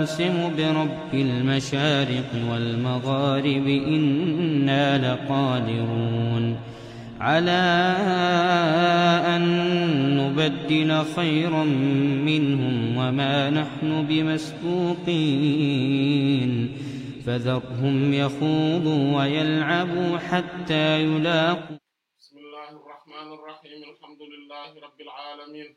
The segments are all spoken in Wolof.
أقسم برب المشارق والمغارب إنا لقادرون على أن نبدل خيرا منهم وما نحن بمسبوقين فذرهم يخوضوا ويلعبوا حتى يلاقوا بسم الله الرحمن الرحيم الحمد لله رب العالمين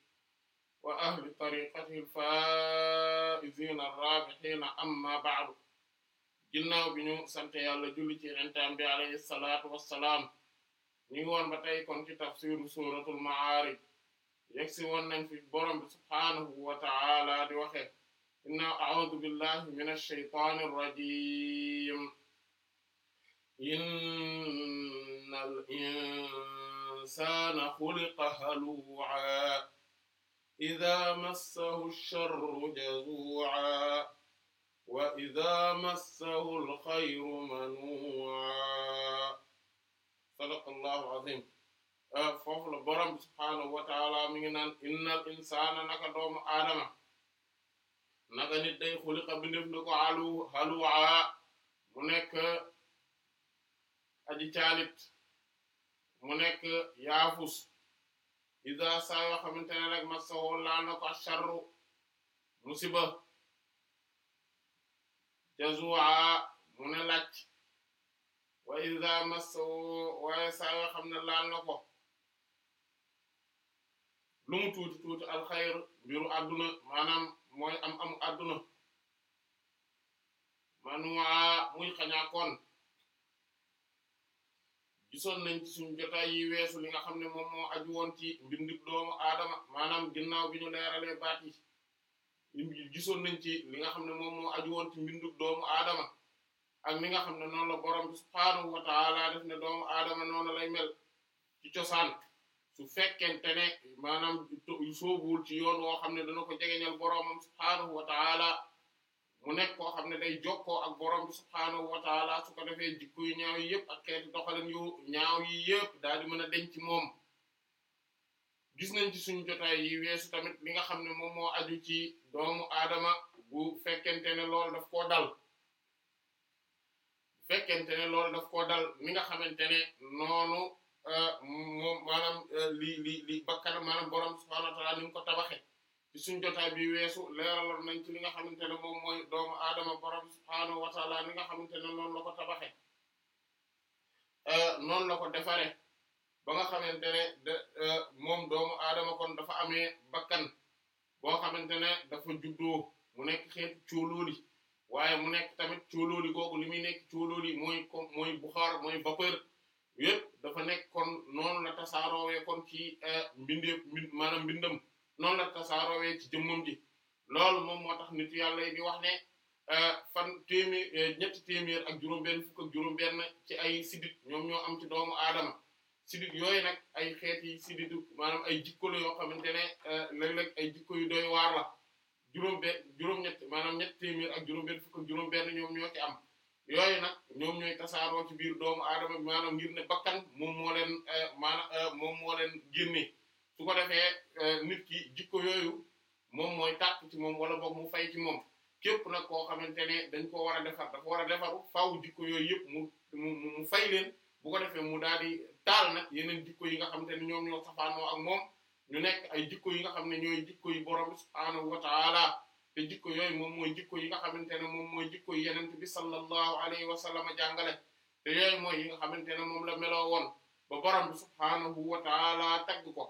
wa ahli tariqatihi al-faa'iziina ar-raabihiina amma ba'du ginnaaw bi ñu sant yàlla julli ci yenentaan bi alayhi salaatu wassalaam ñu ngi woon ba tey kon ci tafsiru suuratul ma'aarij yegsi woon nañ fi borom bi subhaanahu wa ta'aala di waxe inna a'uudu billahi minash shaytaanir rajiim innal insaana xuliqa haluu'an إذا مسه الشر جزوعا وإذا مسه الخير منوعا صدق الله العظيم foofu la borom bi subhaanahu wa taala mi ngi naan innal insaana naka doomu aadama naka nit day xuliqa bindef na ko alu haluwaa mu nekk aji caalit mu nekk yaafus isa saa yoo xamante ne rek massa woo laal na ko musiba jazua mu ne lacc wa isa massa woo waaye saa xam ne laal na ko lu mu tuuti tuuti mbiru adduna maanaam mooy am am adduna manua muy xañaakoon gisoon nañ ci suñu jotaay yi weesu li nga xam ne moom moo aju woon ci mbindub doomu aadama maanaam ginnaaw bi ñu leeralee baat yi gisoon nañ ci li nga xam ne moom moom aju woon ci mbindub doomu aadama ak li nga xam ne noonu la borom bi subhaanahu wa ne doomu aadama noonu lay mel ci cosaan su fekkente ne maanaam soobuwul ci yoon woo xam ne dana ko jegeñal boromam subhaanahu wa ta'ala mu nekk koo xam ne day jokkoo ak borom bi subhaanahu wa taala su ko defee jikko yu ñaaw yi yëpp ak xeeti doxalin yu ñaaw yi yëpp daal di mën a denc moom gis nañ ci suñu jotaay yi weesu tamit li nga xam ne moom moo aju ci doomu aadama bu fekkente ne lool daf koo dal bu fekkente ne loolu daf mi nga xamante ne noonu euh, moom maanaam euh, li li li bakkan maanaam borom subhaanahu wa taala ni ko tabaxe ci suñ jotaay bi weesu leeraloon nañ ci li nga xamante ne moom mooy doomu aadama borom subhaanahu wa taala ni nga xamante ne noonu la ko tabaxe euh, noonu la ko defare ba nga xamante ne euh, moom doomu aadama kon dafa ame bakkan boo xamante ne dafa juddoo mu nekk xeetu coolóoli waaye mu nekk tamit coolóoli googu li muy nekk coolóoli mooy mooy buxaar mooy vapeur yépp dafa nekk kon noonu la tasaaroowee kon ci euh, mbindeef maanaam mbindam noonu la we ci jëmmam ji loolu moom moo tax nit yàlla yi di wax ne euh, fan téeméer euh, ñetti téeméer ak juróom-benn fukk ak juróom-benn ci ay sidit ñoom ñoo am ci doomu aadama sidit yooyu nag ay xeet yi siditu maanaam ay jikko la yoo xamante ne euh, léeg-léeg ay jikko yu doy waar la juróom-benn juróom-ñett maanaam ñetti téeméer ak juróom-benn fukk ak juróom-benn ñoom ñoo ci am yooyu nag ñoom ñooy tasaaroo ci biir doomu aadama bi maanaam ngir ne bakkan moom moo leen maanaam moom moo leen génnee. su ko defee euh, nit ki jikko yooyu moom mooy tàkk ci moom wala boog mu fay ci moom képp nag koo xamante ne dañ ko war a defar dafa war a defaru faw jikko yooyu yëpp mu mu fay leen bu ko defee mu daal di taal nag yeneen jikko yi nga xamante ne ñoom ñoo safaanoo ak moom ñu nekk ay jikko yi nga xam ne ñooy jikko yi borom subhaanahu wa taala te jikko yooyu moom mooy jikko yi nga xamante ne moom mooy jikko yi yenent bi sallallahu alayhi wa sallam jàngale te yooyu mooy yi nga xamante ne moom la melo woon ba borom bi subhaanahu wa taala tagg ko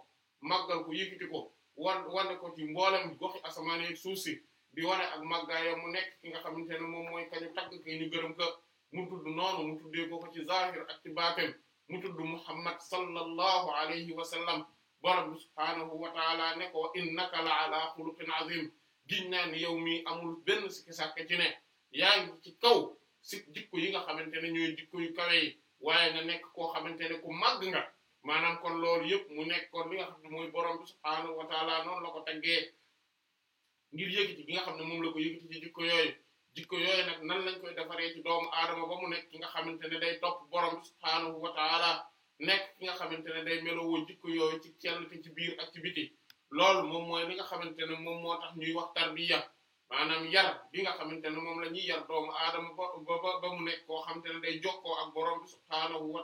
màggal ko yëkkati ko war wane ko ci mboolem goxi asamaan yi suuf si di wane ak màggaayam mu nekk ki nga xamante ne moom mooy kañu tagg ki ñu gërëm kë mu tudd noonu mu tuddee ko ko ci zahir ak ci baatin mu tudd Muhammad sallallahu alayhi wa sallam borom bi subhaanahu wa taala ne ko innaka la ala xuluqin azim giñ naa ni yow mii amul benn sikki sàkk ci ne yaa ngi ci kaw si jikko yi nga xamante ne ñooy jikko yu kawe yi waaye nga nekk koo xamante ne ku màgg nga maanaam kon loolu yëpp mu nekk kon li nga xam ne mooy borom bi subhaanahu la ko taggee ngir yëkkati gi nga xam ne moom la ko yëkkati ci nag nan lañ koy doomu aadama ba mu nekk ki nga xamante ne day topp borom bi subhaanahu nekk ki nga xamante ne day melowoo jikko yooyu ci kenn ci biir ak ci moom mooy li nga xamante ne moom moo tax ñuy wax tarbiya maanaam yar bi nga xamante ne moom la ñuy yar doomu aadama koo xamante ne day jokkoo ak borom bi subhaanahu wa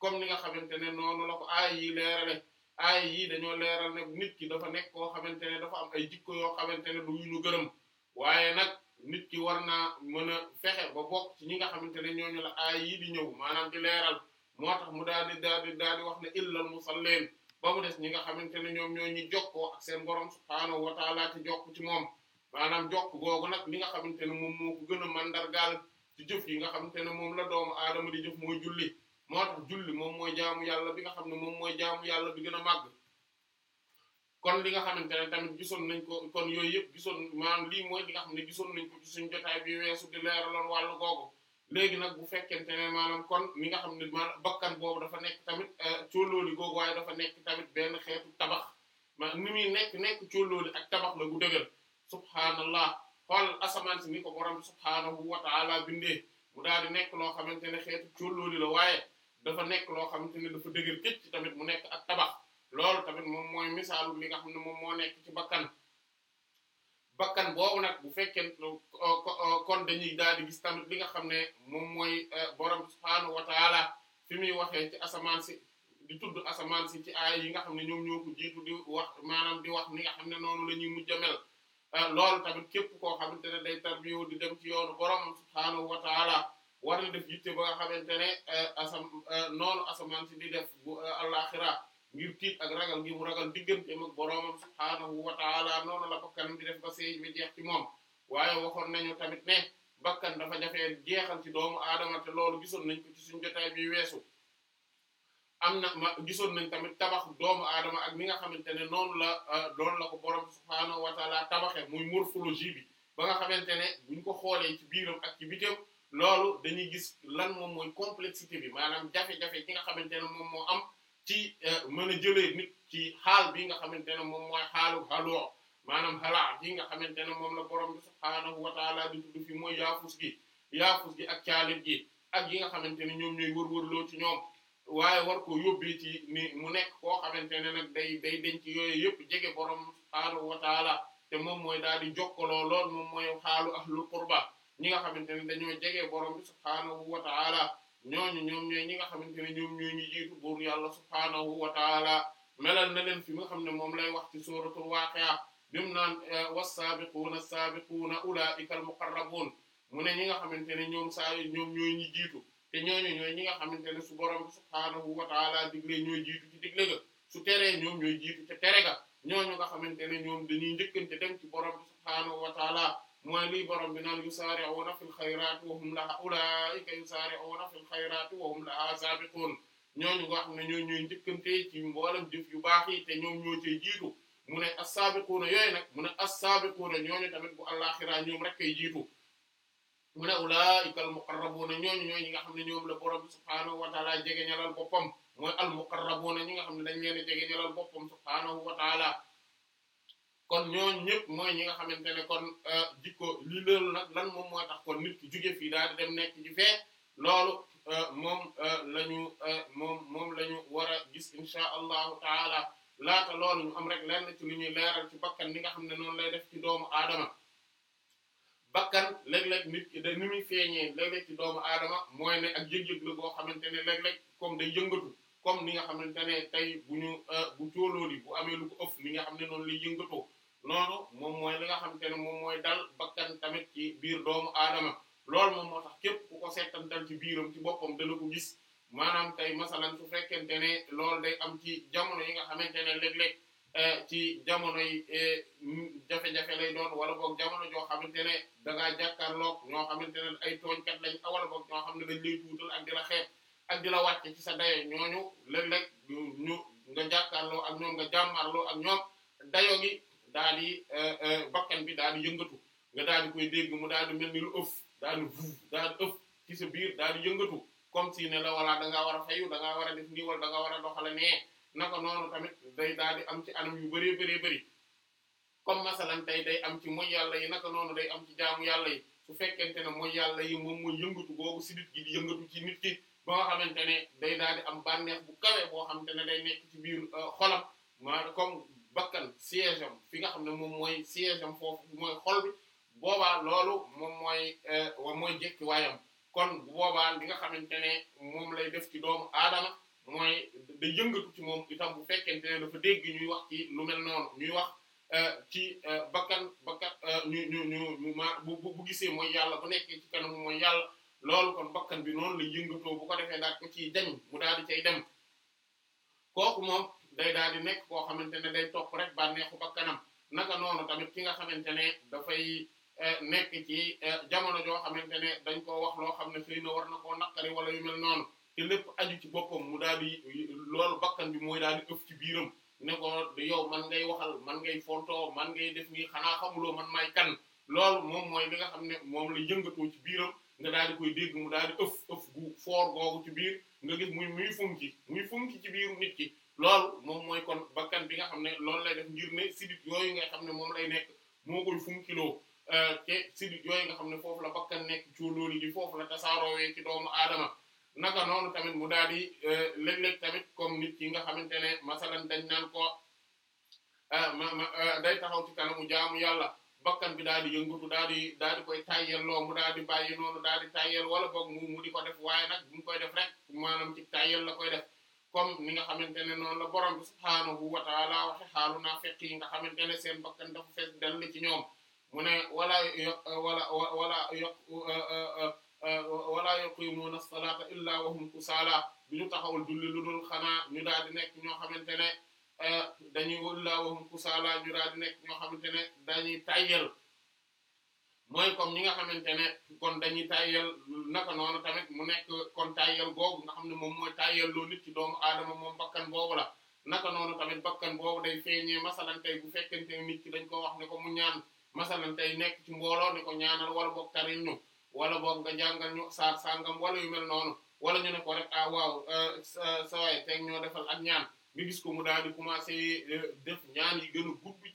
comme ni nga xamante ne noonu la ko aay yi leerale aay yii dañoo leeral ne nit ki dafa nekkoo koo xamante ne dafa am ay jikko yoo xamante ne du ñu gënëm waaye nag nit ki war naa mën a fexe ba bokk ci ñi nga xamante ne ñooñu la aay yii di ñëw maanaam di leeral moo tax mu daal di daal di daal di wax ne illal musalleen ba mu des ñi nga xamante ne ñoom ñoo ñu jokkoo ak seen borom subhaanahu wa taala ci jokk ci moom maanaam jokk googu nag li nga xamante ne moom moo ko gën a mandargaal ci jëf yi nga xamante ne moom la doomu aadama di jëf mooy julli moo tax julli moom mooy jaamu yàlla bi nga xam ne moom mooy jaamu yàlla bi gën a màgg li nga xamante ne tamit gisoon nañ ko kon yooyu yëpp gisoon maanaam lii mooy li nga xam ne gisoon nañ ko ci suñu jotaay bi weesu di leeraloon wàllu googu léegi nag bu fekkente ne maanaam kon li nga xam ne maanaam bakkan boobu dafa nekk tamit euh, cóolóoli googu waaye dafa nekk tamit benn xeetu tabax ma ni muy nekk nekk cóolóoli ak tabax la gu dëgër subhaanallah xool asamaan si ni ko borom subhaanahu bindee mu daal di nekk loo xamante ne xeetu cóolóoli la waaye dafa nekk loo xamante ne dafa dëgër këcc tamit mu nekk ak tabax loolu tamit moom mooy misaalu li nga xam ne moom moo ci bakkan bakkan boobu nag bu fekkee kon dañuy daal di gis tamit li nga xam ne moom mooy eh, borom subhaanahu wa fi muy waxee ci asamaan si di tudd asamaan si ci aay yi nga xam ne ñoom ñoo ko jiitu di wax maanaam di wax ni nga xam ne noonu la ñuy mujj a mel eh, loolu tamit képp koo xamante ne day tarbiyo di dem ci yoonu borom subhaanahu wa war na def yitte ba nga xamante ne euh, asam euh, noonu asamaan si di def bu euh, àllaaxira ngir tiit ak ragal ngir mu ragal diggante ak boroomam subhaanahu wa taala noonu la bakkanam di def ba bi jeex ci moom waxoon nañu tamit bakkan dafa jafee jeexal ci doomu aadama te loolu gisoon nañ ko ci suñu jotaay bi weesu am na ma gisoon nañ tamit tabax doomu aadama ak mi nga xamante ne noonu la doon la ko boroom subhaanahu wa taala tabaxe muy morphologie bi ba nga xamante ne buñ ko xoolee ci biiram ak ci bitam loolu dañuy gis lan moom mooy complexité bi maanaam jafe-jafe nga xamante ne moom moo am ci euh, mën a jëlee nit ci xaal bi nga xamante ne moom mooy xaalu xaloo maanaam xalaa gi nga xamante ne moom la borom bi subhaanahu wa taala fi mooy yaafus gi yaafus gi ak caalit gi ak yi nga xamante ne ñoom ñooy wër-wërloo ci ñoom waaye war ko yóbbee ci ni mu nekk koo xamante ne bay bay day denc yooyu yëpp jege borom subhaanahu wa te moom mooy daal di jokkaloo lool moom mooy xaalu ahlul qurba ñi nga xamante ne dañoo jege borom bi subhaanahu wa ta'ala ñooñu ñoom ñooy ñi nga xamante ne ñoom ñoo ñu jiitu buur yàlla subhaanahu wa ta'ala melal na leen fi nga xam ne moom lay wax ci suuratul waaqi'a bim naan eh, was-saabiquuna as-saabiquuna ulaa'ika al-muqarrabuun mu ne ñi nga xamante ne ñoom saa ñoom ñooy ñi jiitu te ñooñu ñooy ñi nga xamante ne su borom bi subhaanahu wa ta'ala digle ñooy jiitu ci digle ga su teree ñoom ñooy jiitu ca tere ga ñooñu nga xamante ne ñoom dañuy njëkkante dem ci borom bi subhaanahu wa ta'ala mooy lii borom bi naan yusaari'uuna fil xayraati wa hum lahaa ulaa'ika yusaari'uuna hum lahaa saabiquun ñooñu nga xam ne ñoo ñuy njëkkante ci mboolem jëf yu baax yi te ñoom ñoo cay jiitu mu ne as-saabiquuna yooyu nag mu ne as-saabiquuna ñooñu tamit bu àllaaxira ñoom rek kay jiitu mu ne ulaa'ika al-muqarrabuuna ñooñu ñooñu ñi nga xam ne ñoom la borom bi subhaanahu wa ta'aala jegeñalal boppam mooy al-muqarrabuuna ñi nga xam ne dañ leen a jegeñalal boppam subhaanahu wa ta'aala kon ñooñ ñëpp mooy ñi nga xamante ne kon euh, jikko li loolu nag lan moom moo tax kon nit ki jóge fii daal dem nekk ci fee loolu euh, moom euh, lañu ñu moom moom la ñu war a gis insha allahu taala laata loolu ñu am rek lenn ci lu ñuy leeral ci bakkan li nga xam ne noonu lay def ci doomu aadama bakkan léeg-léeg nit ki da ni feeñee léeg-léeg ci doomu aadama mooy ne ak yëg-yëg la boo xamante ne léeg-léeg comme day yëngatu comme ni nga xamante ne tey bu ñu bu tóolóoli bu amee lu ko ëpp ni nga xam ne noonu lay yëngatoo loolu moom mooy li nga xamante ne moom mooy dal bakkan tamit ci biir doomu aadama lool moom moo tax képp ku ko dal ci biiram ci boppam dana ko gis maanaam tey masalan su fekkente ne loolu day am ci jamono yi nga xamante ne léeg-léeg eh, ci jamono yi eh, jafe-jafe lay doon wala boog jamono joo xamante ne da ngaa jàkkaarloog ñoo xamante ne ay tooñkat lañ wala boog ñoo xam ne dañ lay tuutal ak di la xeeb ak di la wàcce ci sa dayo ñooñu léeg-léeg ñu nga jàkkaarloo ak ñoom nga jàmmarloo ak ñoom dayo gi daal di euh, euh, bakkan bi daal di yëngatu nga daal di koy dégg mu daal di mel ni lu ëf daal di vu ci sa biir daal di yëngatu comme si ne la wala da ngaa war a fayu da ngaa war a def nii wala da ngaa war a doxale nee naka noonu tamit day daal di am ci anam yu bëree bëree bëri comme masalan tey day am ci mooy yàlla yi naka noonu day am ci jaamu yàlla yi su fekkente ne mooy yàlla yi moom mooy yëngatu boobu sidit gi di yëngatu ci nit ki ba nga xamante ne day daal di am bu kawe boo xamante ne day nekk biir euh, bakkan siège am fi nga xam ne moom mooy siège am foofu mooy xol bi boobaa loolu moom mooy euh, mooy jekki waayam kon boobaan boobaa li nga xamante ne moom lay def ci doomu aadama mooy da yëngatu ci moom bu fekkente ne dafa dégg ñuy wax ci lu mel noonu ñuy wax euh, ci euh, bakkan bakkan ñu ñu ñu ma gisee mooy yàlla bu nekkee ci kanam mooy yàlla loolu kon bakkan bi noonu lay yëngatoo bu ko defee daal ko ciy jañ mu daal di cay dem kooku moom day daal di nekk koo xamante ne day topp rek bànneexu bakkanam naka noonu tamit ki nga xamante ne dafay eh, nekk ci eh, jamono joo xamante ne dañ koo wax loo xam ne xëy na war na koo naqari wala yu mel noonu te lépp aju ci boppam mu daal di loolu bakkan bi mooy daal ëf ci biiram ne ko yow man ngay waxal man ngay fontoo man ngay def nii xanaa xamuloo may kan loolu moom mooy li nga xam ne moom la yëngatoo ci biiram nga daal di koy dégg mu daal di ëf ëf gu foor googu ci biir nga gis muy muy funki muy funki ci biiru nit ki lool moom mooy kon bakkan bi nga xam ne loolu lay def ngir ne sidit yooyu nga xam ne moom lay nekk moo koy funkiloo euh, te sidit yooyu nga xam ne foofu la bakkan nekk coolóoli di foofu la tasaaroowee ci doomu aadama naka noonu tamit mu daal di euh, léeg-léeg tamit comme nit ki nga xamante ne masalan dañ naan ko euh, ma day taxaw ci mu jaamu yàlla bakkan bi daal di yëngatu daal di daal di koy tayyel loo mu daal di bàyyi noonu daal di tayyel wala boog mu mu ko def waaye nag bu koy def rek maanaam ci tayyel la koy def comme ni nga xamante ne noonu la borom bi subhaanahu wa taala waxe xaalu naafiq yi nga xamante ne seen bakkan dafa fees dell ci ñoom mu ne wala wala wala yok wala yuqimuuna as-salaata illa wa hum kusaala bi ñu taxawul julli lu dul xanaa ñu daal di nekk ñoo xamante ne euh, dañuy illa wa hum kusaala ñu daal di nekk ñoo xamante ne dañuy tayyal mooy comme ñi nga xamante ne kon dañuy tayyal naka noonu tamit mu nekk kon tayyal googu nga xam ne moom mooy tayyal loo nit ci doomu aadama moom bakkan boobu la naka noonu tamit bakkan boobu day feeñee masalan tey bu fekkente nit ki dañ ko wax ne ko mu ñaan masalan tey nekk ci mbooloo ne ko ñaanal wala boog taril ñu wala boog nga jàngal ñu saar sàngam wala yu mel noonu wala ñu ne ko rek ah waaw euh, sawaay teeg ñoo defal ak ñaan nga gis mu daal di commencé euh, def ñaan yi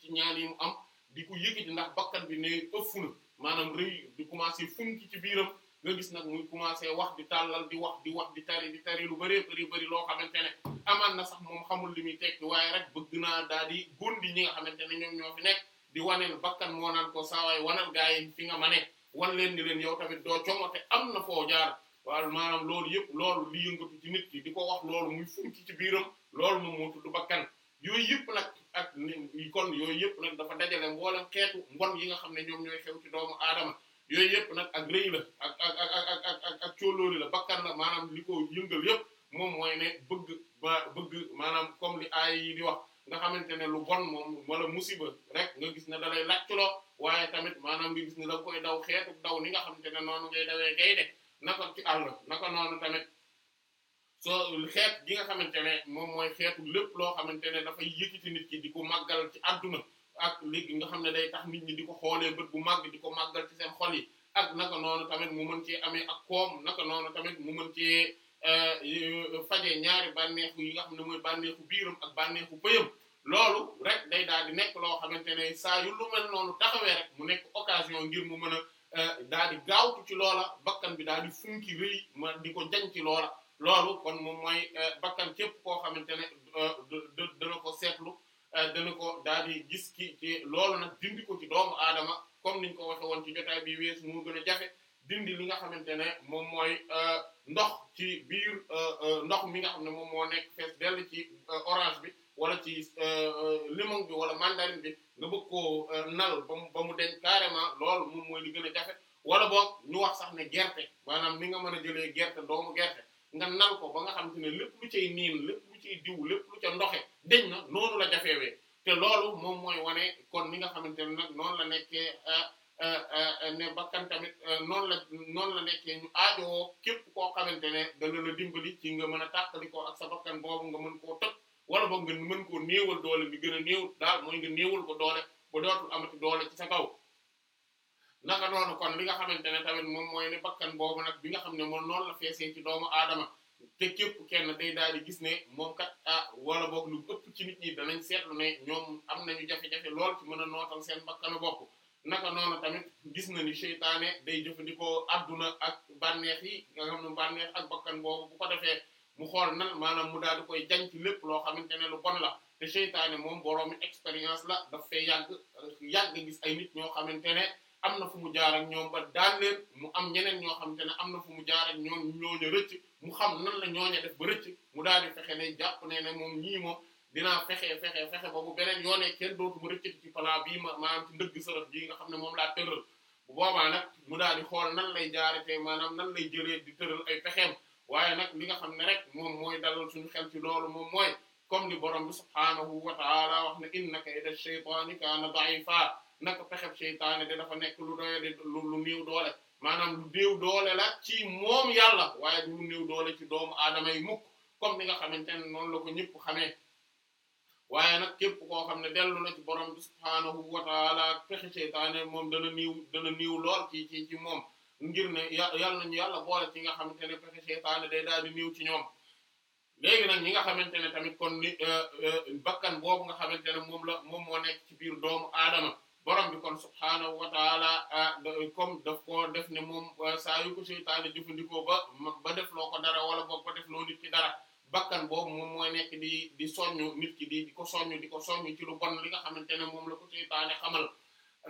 ci ñaan yi mu am di ko bi ne ëff maanaam rëy di commencé funki ci biiram nga gis nag muy commencé wax di tàllal di wax di wax di tari di tari lu bëree bëri bëri loo xamante ne amaan na sax moom xamul li muy tekki waaye rek bëgg naa daal di gondi ñi nga xamante ne ñoom ñoo fi di waneel bakkan moo naan ko saawaay wanal gaa yi fi nga ma ne wan leen ni leen yow tamit doo coŋote am na foo jaar waaw maanaam loolu yëpp loolu li yëngatu ci nit ki di ko wax loolu muy funki ci biiram loolu moom moo tudd bakkan yooyu yëpp ak kon yooyu yëpp nag dafa dajale mboolem xeetu mbon yi nga xam ne ñoom ñooy xew ci doomu aadama yooyu yëpp nag ak rëy la ak ak a ak ak la bakkan la maanaam li ko yëngal yëpp moom mooy ne bëgg ba bëgg maanaam comme li aay yi wax nga xamante ne lu bon moom wala musiba rek nga gis ne da lay làcculoo waaye tamit maanaam nga gis ne da koy daw xeetu daw ni nga xam ne noonu ngay dawee gaynde naka ci àll naka noonu tamit soo xeet gi nga xamante ne moom mooy xeetu lépp loo xamante ne dafay yëkkati nit ki di ko màggal ci adduna ak léegi nga xam ne day tax nit ñi di ko xoolee bët bu màgg di ko màggal ci seen xol yi ak naka noonu tamit mu mën cee amee ak koom naka noonu tamit mu mën cee euh, faje ñaari bànneexu yi nga xam ne mooy bànneexu biiram ak bànneexu bëyam loolu rek day daal di nekk loo xamante ne saa yu lu mel noonu taxawee rek mu nekk occasion ngir mu mën a euh, daal di gaawtu ci loola bakkan bi daal di funki rëy ma di ko jañ ci loola loolu kon moom mooy euh, bakkan képp koo xamante ne euh, dana ko seetlu euh, dana ko daal di gis ci loolu nag dindi ko ci doomu aadama comme niñ ko waxe woon ci jotaay bi wees moo gën a jafe dindi nga xamante ne moom mooy ndox ci biir ndox mi nga xam ne moom moo nekk fees dell ci orange bi wala ci limon bi wala mandarine bi nga bëgg koo nal ba mu ba mu deñ carrément loolu moom mooy li gën a jafe wala boog ñu wax sax ne gerte maanaam ni nga mën a jëlee gerte doomu gerte ngan nal ko ba nga xam te ne lépp lu cay niin lépp lu cay diw lépp lu ca ndoxe deñ na noonu la jafeewee te loolu moom mooy wane kon mi nga xamante ne na noonu la nekkee euh, euh, euh, ne bakkan tamit noonu la noonu la nekkee ñu aajowoo képp koo xamante ne dana la dimbali ci nga mën a tàqali ko ak sa bakkan boobu nga mën ko tëb wala boo nga mën koo néewal doole bi gën a néew daal mooy nga néewal ko doole ba dootul am doole ci sa kaw naka noonu kon li nga xamante ne tamit moom mooy ne bakkan boobu nag bi nga xam ne moom noonu la feesee ci doomu aadama te képp kenn day daal di gis ne moom kat ah wala lu ëpp ci nit ñi danañ seetlu ne ñoom am nañu jafe-jafe lool ci mën a nootal seen bakkanu bopp naka noonu tamit gis na ni seytaane day jëfandikoo àdduna ak bànneex yi nga xam ne bànneex ak bakkan boobu bu ko defee mu xool nan maanaam mu daal di koy jañ ci lépp loo xamante ne lu bon la te seytaane moom boroomi expérience la daf fay yàgg yàgg gis ay nit ñoo xamante ne am na fu mu jaar ak ñoom ba daal leen mu am ñeneen ñoo te ne am na fu mu jaaral ak ñoom ñooñu rëcc mu xam na la ñooñu def ba rëcc mu daal di fexe ne jàpp ne ne moom ñii moom dinaa fexe fexe fexe ba bu beneen yoonee kenn dootu mu rëccati ci plan bii ma maanaam ci ndëgg sërëx bii nga xam ne moom laa tëral bu boobaa nag mu daal di xool nan lay jaarete maanaam nan lay jëlee di tëral ay pexeem waaye nag li nga xam ne rek moom mooy dalal suñu xel ci loolu moom mooy comme ni borom bi subhaanahu wa taala wax ne innaka ila shaytaani kaana da'ifa naka pexeb seytaane de dafa nekk lu doy lu lu néew doole maanaam lu néew doole la ci moom yàlla waaye lu néew doole ci doomu aadama yi mukk comme ni nga xamante ne noonu la ko ñëpp xamee waaye nag képp koo xam ne dellu na ci borom bi subhaanahu wa taala pexe seytaane moom dana néew dana néew lool ci ci ci moom ngir ne yàlla nañu yàlla boole ci nga xamante ne pexe daal di néew ci ñoom léegi nag ñi nga xamante ne tamit kon ni euh, euh, bakkan boobu nga xamante ne moom la moom moo nekk ci biir doomu aadama borom bi kon subhaanahu wa taala comme def ko def ne moom saa yu ko seytaane jëfandikoo ba ba def loo ko dara wala boog def loo nit dara bakan boobu moom mooy nekk di di soññu nit ki di ko soññu di ko soññu bon li nga xamante ne moom la ko seytaane xamal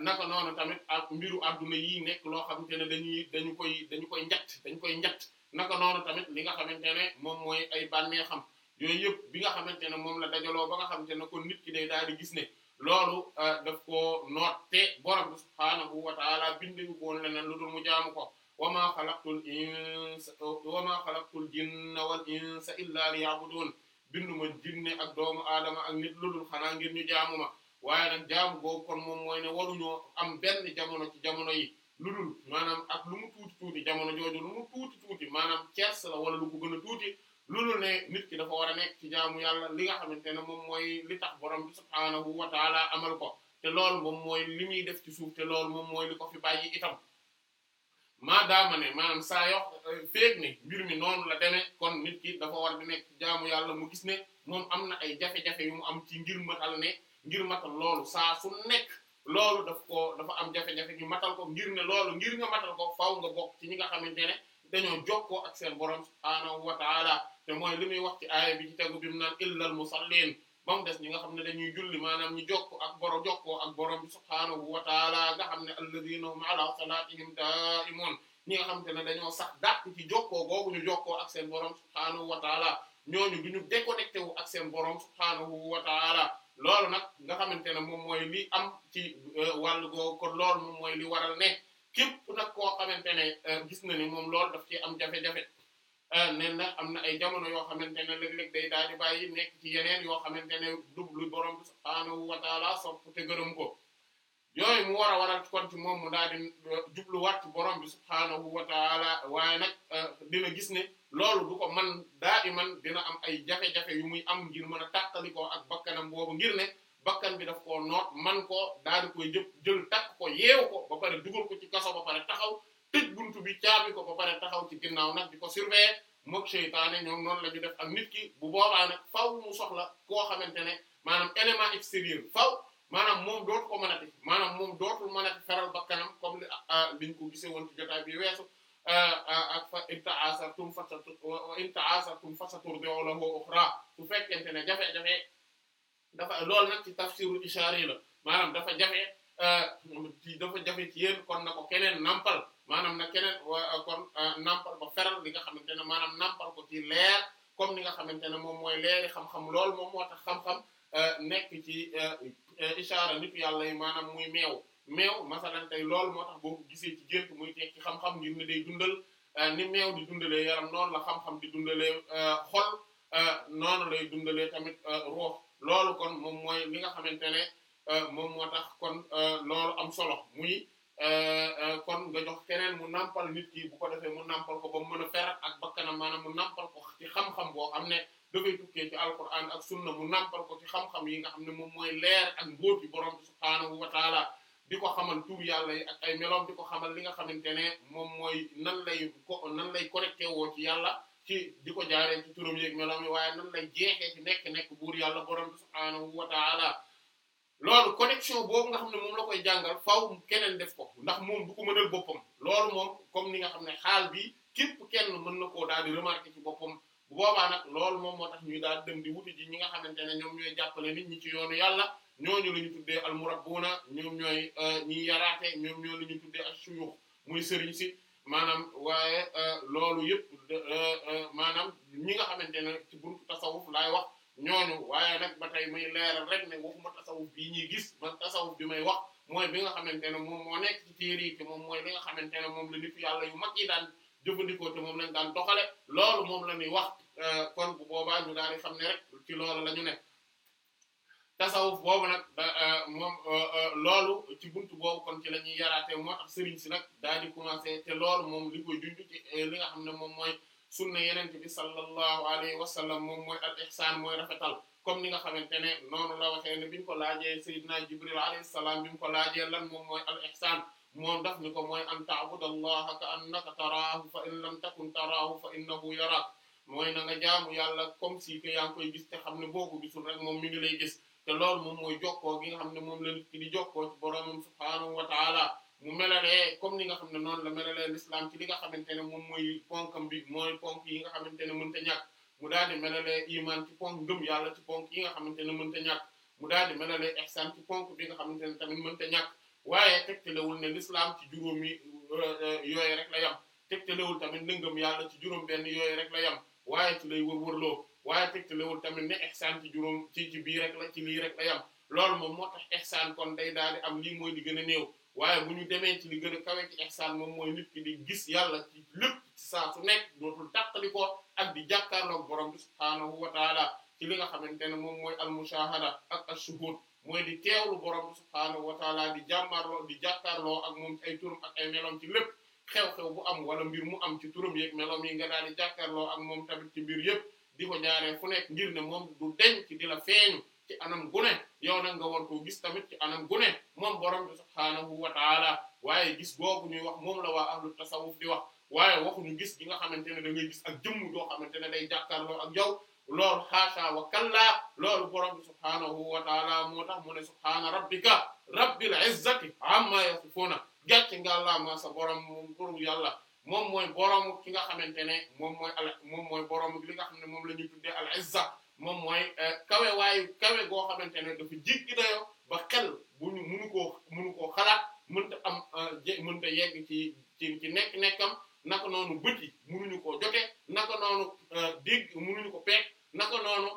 naka noonu tamit ak mbiru adduna yi nekk loo xamante ne dañuy dañu koy dañu koy njatt dañu koy njatt naka noonu tamit li nga xamante ne moom mooy ay bànnee xam yooyu yëpp bi nga xamante ne moom la dajaloo ba nga xamante ne kon nit ki day daal di gis ne loolu euh, daf ko noot te borom bi subhaanahu wa taala bindewu koon leneen lu dul mu jaamu ko wa ma xalaqtul insa wa ma xalaqtul jinna wal insa illa liya'budun binduma jinne ak doomu aadama ak nit lu dul xanaa ngir ñu jaamu ma waaye nag jaamu boobu kon moom mooy ne waruñoo am benn jamono ci jamono yi lu dul maanaam ak lu mu tuuti tuuti jamono jooju lu tuuti tuuti maanaam ceers la wala lu ko gën a tuuti loolu ne nit ki dafa war a nekk ci jaamu yàlla li nga xamante ne moom mooy li tax borom bi wa taala amal ko te loolu moom mooy li muy def ci suuf te loolu moom mooy li ko fi bàyyi itam maadaama ne maanaam saa yo féeg ne mbir mi noonu la demee kon nit ki dafa war di nekk jaamu yàlla mu gis ne moom am na ay jafe-jafe yu mu am ci ngir matal ne ngir matal loolu saasu su nekk loolu daf ko dafa am jafe-jafe ñu matal ko ngir ne loolu ngir nga matal ko faaw nga bokk ñi nga xamante ne dañoo jokkoo ak te mooy li muy wax ci aaya bi ci tegu naan illal musallin ba mu des ñi nga xam ne dañuy julli maanaam ñu jokk ak boro jokkoo ak borom bi subhaanahu wa taala nga xam ne alladina hum ala salatihim daimun ñi nga xam te ne dañoo sax dàq ci jokkoo googu ñu jokkoo ak seen borom subhaanahu wa taala ñooñu du ñu déconnecté wu ak seen borom subhaanahu wa taala loolu nag nga xamante ne moom mooy li am ci euh, wàll googu kon loolu moom mooy li waral ne képp nag koo xamante ne euh, gis na ni moom loolu daf ci am jafe-jafe Euh, nee na am na ay jamono yoo xamante ne léeg-léeg day daal di bàyyi nekk ci yeneen yoo xamante ne dublu borom subhaanahu wa taala sopp te war a waral kon ci mu daal di jublu borom bi subhaanahu wa taala euh, waaye euh, dina gis ne loolu du ko man daa man dina am ay jafe-jafe yu muy am ngir mën a tàqalikoo ak bakkanam boobu ngir ne bakkan bi daf koo noot man ko daal di koy jëp jël takk ko yeew ko ba pare dugal ko ci kaso ba pare taxaw tëj buntu bi caabi ko ba pare taxaw ci ginnaaw nag di ko surveiller mook seytaane ñoom noonu la ñu def ak nit ki bu boobaa nag faaw mu soxla koo xamante ne maanaam élément extérieur faaw maanam moom dootu ko mënati maanaam moom dootul mënati feral bakkanam comme li ah, ah, liñ ko gisee woon ci jotaay bi weesu ah, ak fa in ta'asartum fasatu wa in ta'asartum fasaturdi'u lahu ukhra su fekkente ne jafe-jafe dafa loolu nag ci tafsirul ishaari maanam dafa jafe dafa jafe ci yéen kon na ko keneen nampal maanaam nag keneen uh, kon uh, nampal ba feral li nga xamante ne maanaam nampal ko ci leer comme ni nga xamante ne moom mooy leeri xam-xam loolu moom moo tax xam-xam uh, nekk ci ishaara nit yàlla yi maanaam muy meew meew masalan tey lool moo tax boo ko gisee ci gént muy teg xam-xam ngir ne day dundal ni meew di dundalee yaram noonu la xam-xam di dundale xol noonu lay dundalee tamit ruux loolu kon moom mooy li nga xamante ne moom moo tax kon loolu am solo muy Euh, euh, kon nga jox keneen mu nampal nit ki bu ko defee mu nampal ko ba mu mën a ferat ak bakkanam maanaam mu nampal ko ci xam-xam boo xam ne dafay tukkee ci alquran ak sunna mu nampal ko ci xam-xam yi nga xam ne moom mooy leer ak mbóot yi borom subhaanahu wa taala di ko xamal yàlla ak ay meloom di ko li nga xamante ne moom mooy nan lay ko nan lay connecté woo yàlla ci di ko jaaree ci turam yeeg meloom yi waaye nan lay jeexee ci nekk-nekk buur yàlla borom subhaanahu wa taala loolu connexion boobu nga xam ne moom la koy jàngal faaw keneen def ko ndax moom du ko mënal boppam loolu moom comme ni nga xam ne xaal bi képp kenn mën na koo daal di remarquer ci boppam bu boobaa nag loolu moom moo tax ñuy daal dem di wuti ji ñi nga xamante ne ñoom ñooy jàppale nit ñi ci yoonu yàlla ñooñu la ñu tuddee almurabbuuna ñoom ñooy euh, ñiy yaraate ñoom ñoo la ñu tuddee ak suyux muy sëriñ si maanaam waaye euh, loolu yëpp euh, maanaam ñi nga xamante ne ci buntu tasawuf laay wax ñooñu waaye nag ba tey muy leeral rek ne waxuma tasawuf bii ñuy gis man tasawuf bi may wax mooy bi nga xamante ne moom moo nekk moom mooy li nga xamante ne moom la yàlla yu mag yi daan jëfandikoo te moom lañ daan doxale loolu moom la ñuy wax euh, kon bu boobaa ñu daal di xam ne rek ci loolu la ñu ne boobu nag euh, moom euh, loolu ci buntu boobu kon ci la ñuy yaraatee moo tax sëriñ si nag daal di commencé te loolu moom li koy junj ci li nga xam ne moom mooy sunna yeneen bi sallallahu alayhi wa sallam moom mooy al ihsaan mooy rafetal comme ni nga xamante ne noonu la waxee ne bi ñu ko laajee Seydina Jibril alayhi salaam bi ko laajee lan moom mooy al ihsaan moom daf ni ko mooy an ta'budallaha ka annaka taraahu fa in lam takun taraahu fa innahu yaraak mooy na nga jaamu yàlla kom si que yaa koy gis te xam ne boo ko gisul rek moom mi ngi lay gis te loolu moom mooy jokkoo gi nga xam ne moom la nit ki di jokkoo ci boroomam subhaanahu wa ta'ala mu melalee comme ni nga xam ne noonu la melalee l'islam ci li nga xamante ne moom mooy a bi mooy ponk yi nga xamante ne mënta ñàkk mu daal di melalee iman ci ponk ngëm yàlla ci ponk yi nga xamante ne mënta ñàkk mu daal di melalee ihsan ci ponk bi nga xamante ne tamit mënta ñàkk waaye tegtalewul ne l'islam ci juróomi euh, euh, yooyu rek la yam tegtalewul tamit ne ngëm yàlla ci juróom benn yooyu rek la yam waaye ci lay wërwërloo waaye tegtalewul tamit ne ihsan ci juróom ci ci bii rek la ci lii rek la yam loolu moom moo tax day daal di am lii mooy di gën a néew waaye bu ñu demee ci li gën a kawe ci moom mooy nit di gis yàlla ci lépp saa su nekk dootul tàqali ko ak di jàkkaarloog borom bi subhaanahu wa taala ci li nga xamante ne moom mooy almushahada ak ashuhud mooy di teewlu borom bi subhaanahu wa taala di jàmmarloo di ak moom ay turam ak ay meloom ci lépp xew-xew bu am wala mbir mu am ci turam yeeg meloom yi nga daal di jàkkaarloo ak moom tamit ci mbir yépp di ko jaaree fu nekk ngir ne moom du deñ ci di la feeñu ci anam gune yow nag nga war koo gis tamit ci anam gune moom borom bi subhaanahu wa taala waaye gis googu ñuy wax moom la waa ahlu tasawuf di wax waaye waxuñu gis gi nga xamante ne da ngay gis ak jëmm doo xamante ne day jàkkaarloo ak yow loolu xaasa wa kallaa loolu borom bi subhaanahu wa taala moo tax mu ne subhaana rabbika rabbil izzati amma yasifuuna gàcce nga allah ma sa borom moom turu yàlla moom mooy borom ki nga xamante ne moom mooy al moom mooy borom li nga xam ne moom la ñuy tuddee al izza moom mooy euh, kawe waayu kawe goo xamante ne dafa jéggi dayoo ba xel bu ñu mënu koo mënu koo xalaat mënta am euh, mënta yegg ci ci ci nekk nekkam naka noonu bët yi mënuñu koo jote naka noonu euh, dégg mënuñu ko peek naka noonu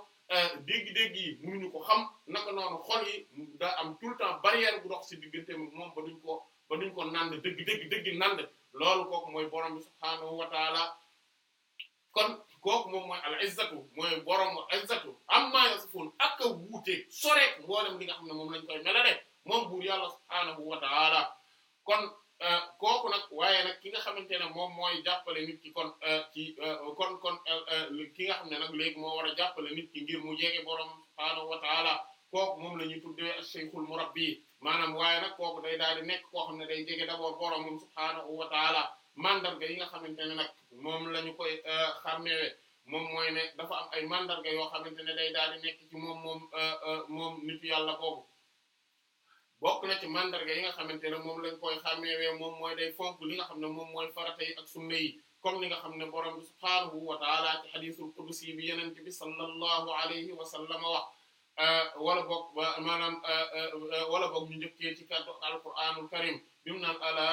dégg-dégg yi mënuñu ko xam naka noonu xol yi daa am tout le temps barrière bu dox ci diggante moom ba duñ ko ba duñ ko nand dëgg dëgg dëgg nand loolu kooku mooy borom bi subhaanahu kon kooku moom mooy al izzatu mooy borom al izzatu amma yasifun ak a wuute sore mboolem li nga xam ne moom lañ koy melale moom buur yàlla subhaanahu wa ta'ala kon euh, kooku nag waaye nag ki nga xamante ne moom mooy jàppale nit ki kon euh, ci euh, kon kon ki nga xam ne nag léegi moo war a jàppale nit ki ngir mu jege borom subhaanahu wa ta'ala kooku moom la ñuy tuddee ash-shaykhul murabbi maanaam waaye nag kooku day daal di nekk koo xam ne day jege d'abord borom subhaanahu wa mandarga yi nga xamante ne moom la ñu koy euh, xàmmeewe moom mooy ne dafa am ay mandarga yoo xamante ne day daal di nekk ci moom moom euh, euh, moom nitu yàlla boobu bokk na ci mandarga yi nga xamante ne moom lañ koy xàmmeewee moom mooy day fonk li nga xam ne mooy farata ak sunna yi comme li nga xam ne borom bi subhaanahu wa taala ci xadisul qudsi bi yenente bi sallallahu alayhi wa Euh, wala boog maanaam euh, euh, wala boog ñu njëkkee ci kàddu alqur'anul karim bi mu naan ala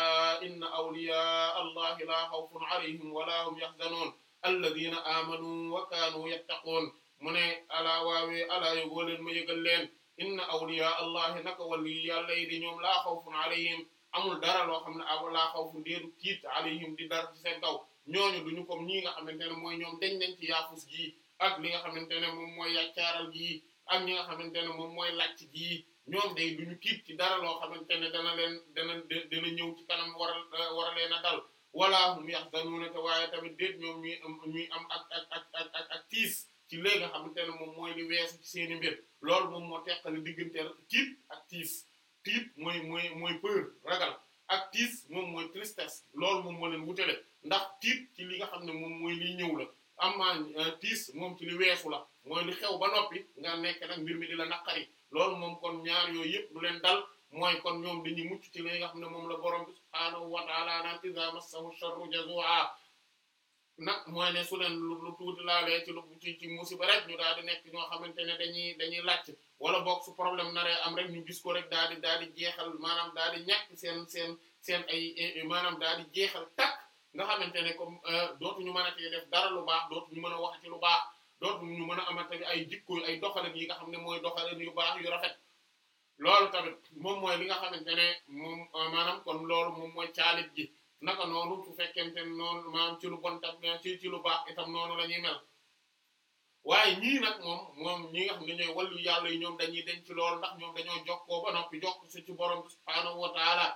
inna awliya allahi la xawfun alayhim wala hum yaxzanoon alladina amanu wa kaanu yattaqoon mu ne ala waawee ala yóboo leen ma yëgal leen inna awliya allahi naka wali yàlla yi di ñoom laa xawfun alayhim amul dara loo xam ne a laa xawfun déedu tiit alayhim di dara ci seen kaw ñooñu duñu comme ñii nga xamante ne mooy ñoom deñ nañ ci yaafus gi ak li nga xamante ne moom mooy yaccaaral gi ak ñi nga xamante ne moom mooy làcc gi ñoom day ñu tiit ci dara loo xamante ne dana leen dana dana ñëw ci kanam war a war a leen a dal wala hum yahzanuuna te waaye tamit déet ñoom ñuy am am ak ak ak ak ak tiis ci léegi nga xamante moom mooy li weesu ci seeni mbir loolu moom moo teqale digganteel tiit ak tiis tiit mooy mooy mooy peur ragal ak tiis moom mooy tristesse loolu moom moo leen wutale ndax tiit ci li nga xam ne moom mooy liy ñëw la am amaa tiis moom ci li weesu la mooy li xew ba noppi nga nekk nag mbir mi di la naqari loolu moom kon ñaar yooyu yëpp lu leen dal mooy kon ñoom dañuy mucc ci li nga xam ne moom la borom bi subhaanahu wa ta'ala naan iza massahu sharru jazua nag mooy ne su leen lu tuuti laalee ci lu ci ci musiba rek ñu daal di nekk ñoo xamante ne dañuy dañuy làcc wala boog su problème na am rek ñu gis ko rek daal di daal di jeexal maanaam daal di ñàkk seen seen seen ay e, e, maanaam daal di jeexal takk nga xamante ne comme euh, dootuñu mën a tee def dara lu baax dootuñu mën a wax ci lu baax dootul ñu mën a amal tamit ay jikko ay doxalin yi nga xam ne mooy doxalin yu baax yu rafet lool tamit moom mooy li nga xamante ne moom euh, maanaam kon loolu moom mooy caalit ji naka noonu su fekkente ne noonu maanaam ci bon tam ci lu baax itam noonu la ñuy mel waaye ñii nag moom ñi nga xam ne ñooy wàllu yàlla yi ñoom dañuy denc ci loolu ndax ñoom dañoo jokkoo ba noppi jokk si ci borom subhaanahu wa taala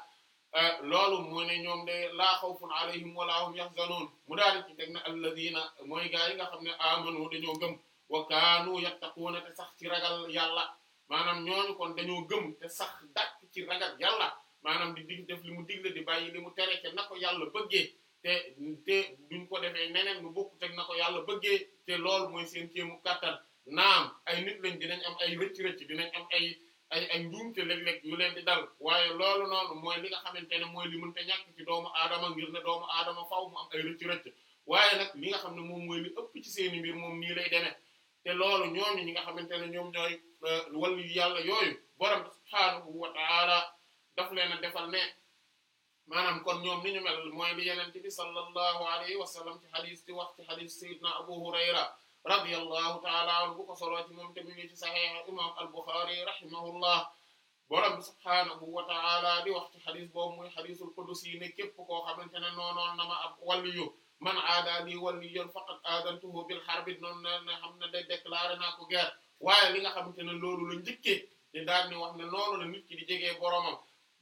Eh, loolu mu ne ñoom de laa xawfun alayhim wa laa hum yahzanun mu daal di ci teg na alladina mooy gaa yi nga xam ne amanu dañoo gëm wa kaanu yattaquuna te sax ci ragal yàlla maanaam ñooñu kon dañoo gëm te sax dàq ci ragal yàlla maanaam di dig def li mu digle di bàyyi li mu tere te na ko yàlla bëggee te te ko defee neneen mu bokk teg na ko yàlla bëggee te loolu mooy seen kéemu kàttan naam ay nit lañ dinañ am ay rëcc-rëcc dinañ am ay ay ay njuumte léeg-léeg yu leen di dal waaye loolu noonu mooy li nga xamante ne mooy li mënta ñàkk ci doomu aadama ngir ne doomu aadama faaw mu am ay rëcc-rëcc waaye nag li nga xam ne moom mooy li ëpp ci seeni moom nii lay demee te loolu ñooñu ñi nga xamante ne ñoom ñooy euh, wàllu yàlla yooyu borom subhaanahu wa ta'ala daf leen defal ne maanaam kon ñoom ni ñu mel mooy li yeneen bi sallallahu alayhi wa sallam ci xadis di wax ci xadis sayyidina Abu Hurayra radiyallahu ta'ala anhu bu ko solo ci moom te mu ngi ci sahih imam al-Bukhari rahimahullah borom bi subhaanahu wa ta'ala di wax ci xadis boobu muy xadisul qudusi ne képp koo xamante ne noonoon na ma ab waliyu man aada li waliyan faqad aadantuhu bil harbi noonu na ne xam ne day déclaré naa ko guerre waaye li nga xamante ne loolu la njëkkee te daal ni wax ne noonu la nit ki di jegee boromam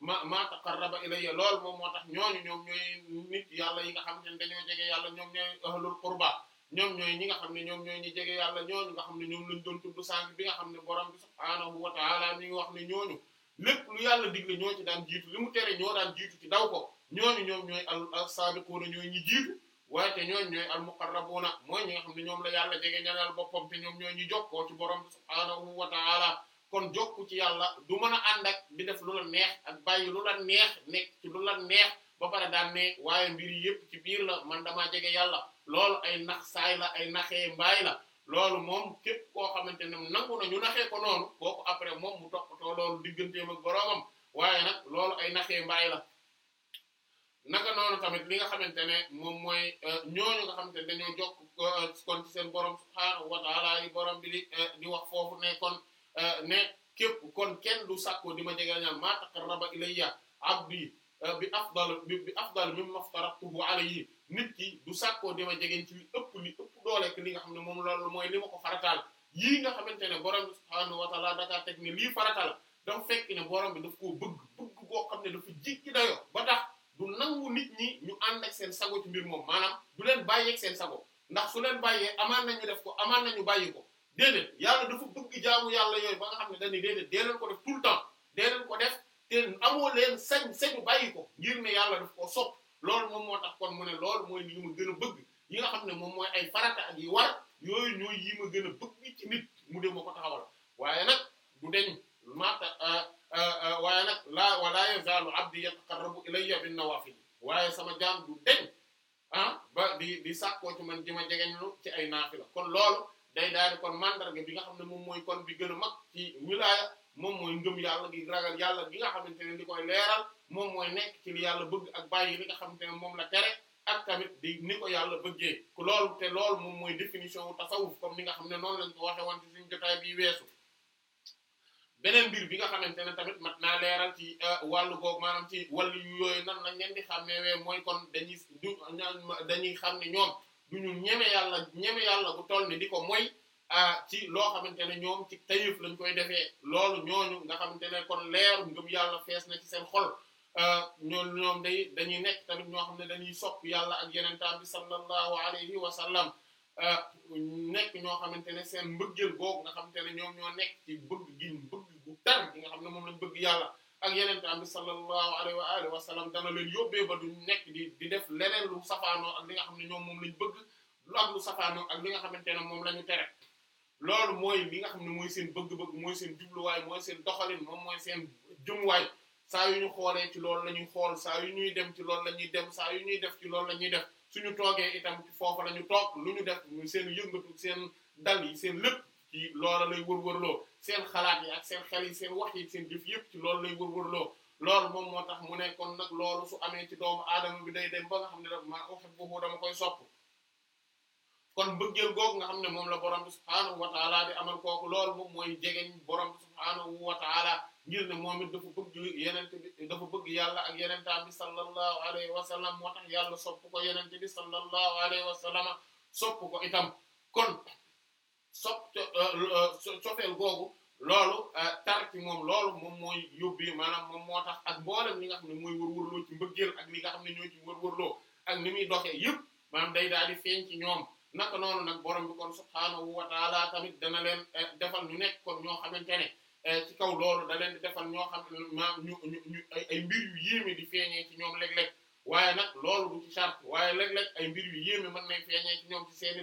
ma ma taqarraba ilayya lool moom moo tax ñooñu ñoom ñooy nit yàlla yi nga xamante ne dañoo jegee yàlla ñoom ñooy ahlul qurba ñoom ñooy ñi nga xam ne ñoom ñooy ñi jege yàlla ñooñu nga xam ne ñoom lañ doon tudd sànq bi nga xam ne borom bi subhaanahu wa ta'ala mi ngi wax ne ñooñu lépp lu yàlla digle ñoo ci daan jiitu li mu tere ñoo daan jiitu ci daw ko ñooñu ñoom ñooy al as-sabiquna ñooy ñi jiitu waaye te ñooñu ñooy al muqarrabuna mooy ñi nga xam ne ñoom la yàlla jege ñanal boppam te ñoom ñooy ñi jokkoo ci borom bi subhaanahu wa ta'ala kon jokku ci yàlla du mën a ànd ak di def lu la neex ak bàyyi lu la neex nekk ci lu la neex ba pare daan ne waaye mbir yépp ci biir la man damaa jege yàlla loolu ay nax saay la ay naxee mbaay la loolu moom képp koo xamante ne nangu na ñu naxee ko noonu kooku après moom mu toppatoo loolu digganteem ak boroomam waaye nag loolu ay naxee mbaay la naka noonu tamit li nga xamante ne moom mooy euh, ñooñu nga xamante ne dañoo jokk euh, kon seen borom xaar wa taala borom bi euh, di wax foofu ne kon ne képp kon kenn du sàkko di ma jege ñaan maa taqarraba ilayya abdi Euh, bi afdal bi afdal mimma aftaratuhu alayhi nit ki du sàkkoo dima jegeen ci li ëpp li ëpp dooleek li nga xam ne moom loolu mooy li ma ko farataal yii nga xamante ne borom bi subhaanahu wa ta'ala dakaa teg ne lii farataal dafa fekk ne borom bi daf koo bëgg bëgg koo xam ne dafa jéggi dayo ba tax du nangu nit ñi ñu ànd ak seen sago ci mbir moom maanaam du leen bàyyeeg seen sago ndax su leen bàyyee amaan nañu def ko amaan na ñu bàyyi ko déedéet yàlla dafa bëgg jaamu yàlla yooyu ba nga xam ne dañuy déedéet ko def tout le temps dee leen ko def amoo leen sañ sañu bàyyi ko ngir ne yàlla daf koo sopp loolu moom moo tax kon mu ne loolu mooy li ma gën a bëgg yi nga xam ne moom mooy ay farata ak yi yooyu ñooy yi ma gën a bëgg ci nit mu dem ma ko taxawal waaye nag du deñ maata waaye nag laa wala yazaalu abdi yataqarrabu ilayya bin nawaafil waaye sama jaam du deñ ah ba di di sàkkoo ci man di ma jegeñlu ci ay naafila kon loolu day daal di kon mandarga bi nga xam ne moom mooy kon bi gën a mag ci wilaaya moom mooy ngëm yàlla gi ragal yàlla gi nga xamante ne di koy leeral moom mooy nekk ci li yàlla bëgg ak bàyyi li nga xamante ne moom la tere ak tamit bi ni ko yàlla bëggee ku loolu te lool moom mooy définition wu tasawuf comme ni nga xam ne noonu lañ ko waxe woon ci suñu jotaay mbir bi nga xamante ne tamit mat naa leeral ci euh, wàllu googu maanaam ci wàllu yu yooyu nan lañ leen di xàmmee mooy kon dañuy du dañuy xam ne ñoom duñu ñeme yàlla ñeme yàlla bu toll ni di ko mooy ci loo xamante ne ñoom ci tayëf lañ koy defee loolu ñooñu nga xamante ne kon leeru ngëm yàlla fees na ci seen xol ñoom ñoom day dañuy nekk tamit ñoo xam ne dañuy sopp yàlla ak yenentaan bi sallallahu alayhi wa sallam nekk ñoo xamante ne seen mbëggeel googu nga xamante ne ñoom ñoo nekk ci bëgg gi bëgg gu nga xam ne moom lañ bëgg yàlla ak yenentaan bi sallallahu alayhi wa alihi wa sallam dana ba duñ nekk di di def leneen lu safaanoo ak li nga xam ne ñoom moom lañ bëgg lu am ak li nga xamante ne moom la tere loolu mooy li nga xam ne mooy seen bëgg-bëgg mooy seen jubluwaay mooy seen doxalin moom mooy seen jumwaay saa yu ñu xoolee ci loolu la ñuy xool saa yu ñuy dem ci loolu la ñuy dem saa yu ñuy def ci loolu la ñuy def suñu toogee itam ci foofu la ñu toog lu ñu def seen yëngatu seen dal yi seen lépp ci loola lay wërwërloo seen xalaat yi ak seen xel yi seen wax yi seen jëf yëpp ci loolu lay wërwërloo loolu moom moo tax mu nekkoon nag loolu su amee ci doomu aadama bi day dem ba nga xam ne daf maa mu dama koy sopp kon mbëggeel googu nga xam ne moom la borom bi subhaanahu wa bi amal kooku loolu moom mooy jegeñ borom bi subhaanahu wa taala ngir ne moom it dafa bëgg dafa bëgg yàlla ak yenentaan bi sallallahu alayhi wa sallam moo tax yàlla sopp ko yenente bi sallallahu alayhi wa sallam sopp ko itam kon sopp euh, euh, cofeel googu loolu euh, tar ci moom loolu moom mooy yóbbi maanaam moom moo tax ak mboolem li nga xam ne mooy wërwërloo ci mbëggeel ak li nga xam ne ñoo ci wërwërloo ak ni muy doxee yëpp maanaam day daal di feeñ ci ñoom naka noonu nag borom bi kon subhaanahu wa taala tamit dana leen eh, defal ñu nekk kon ñoo xamante ne eh, ci kaw loolu da leen di defal ñoo xam ma ñu ñu ay mbir yu yéeme di feeñee ci ñoom léeg-léeg waaye nag loolu du ci charte waaye léeg-léeg ay mbir yu yéeme mën na feeñee ci ñoom ci seeni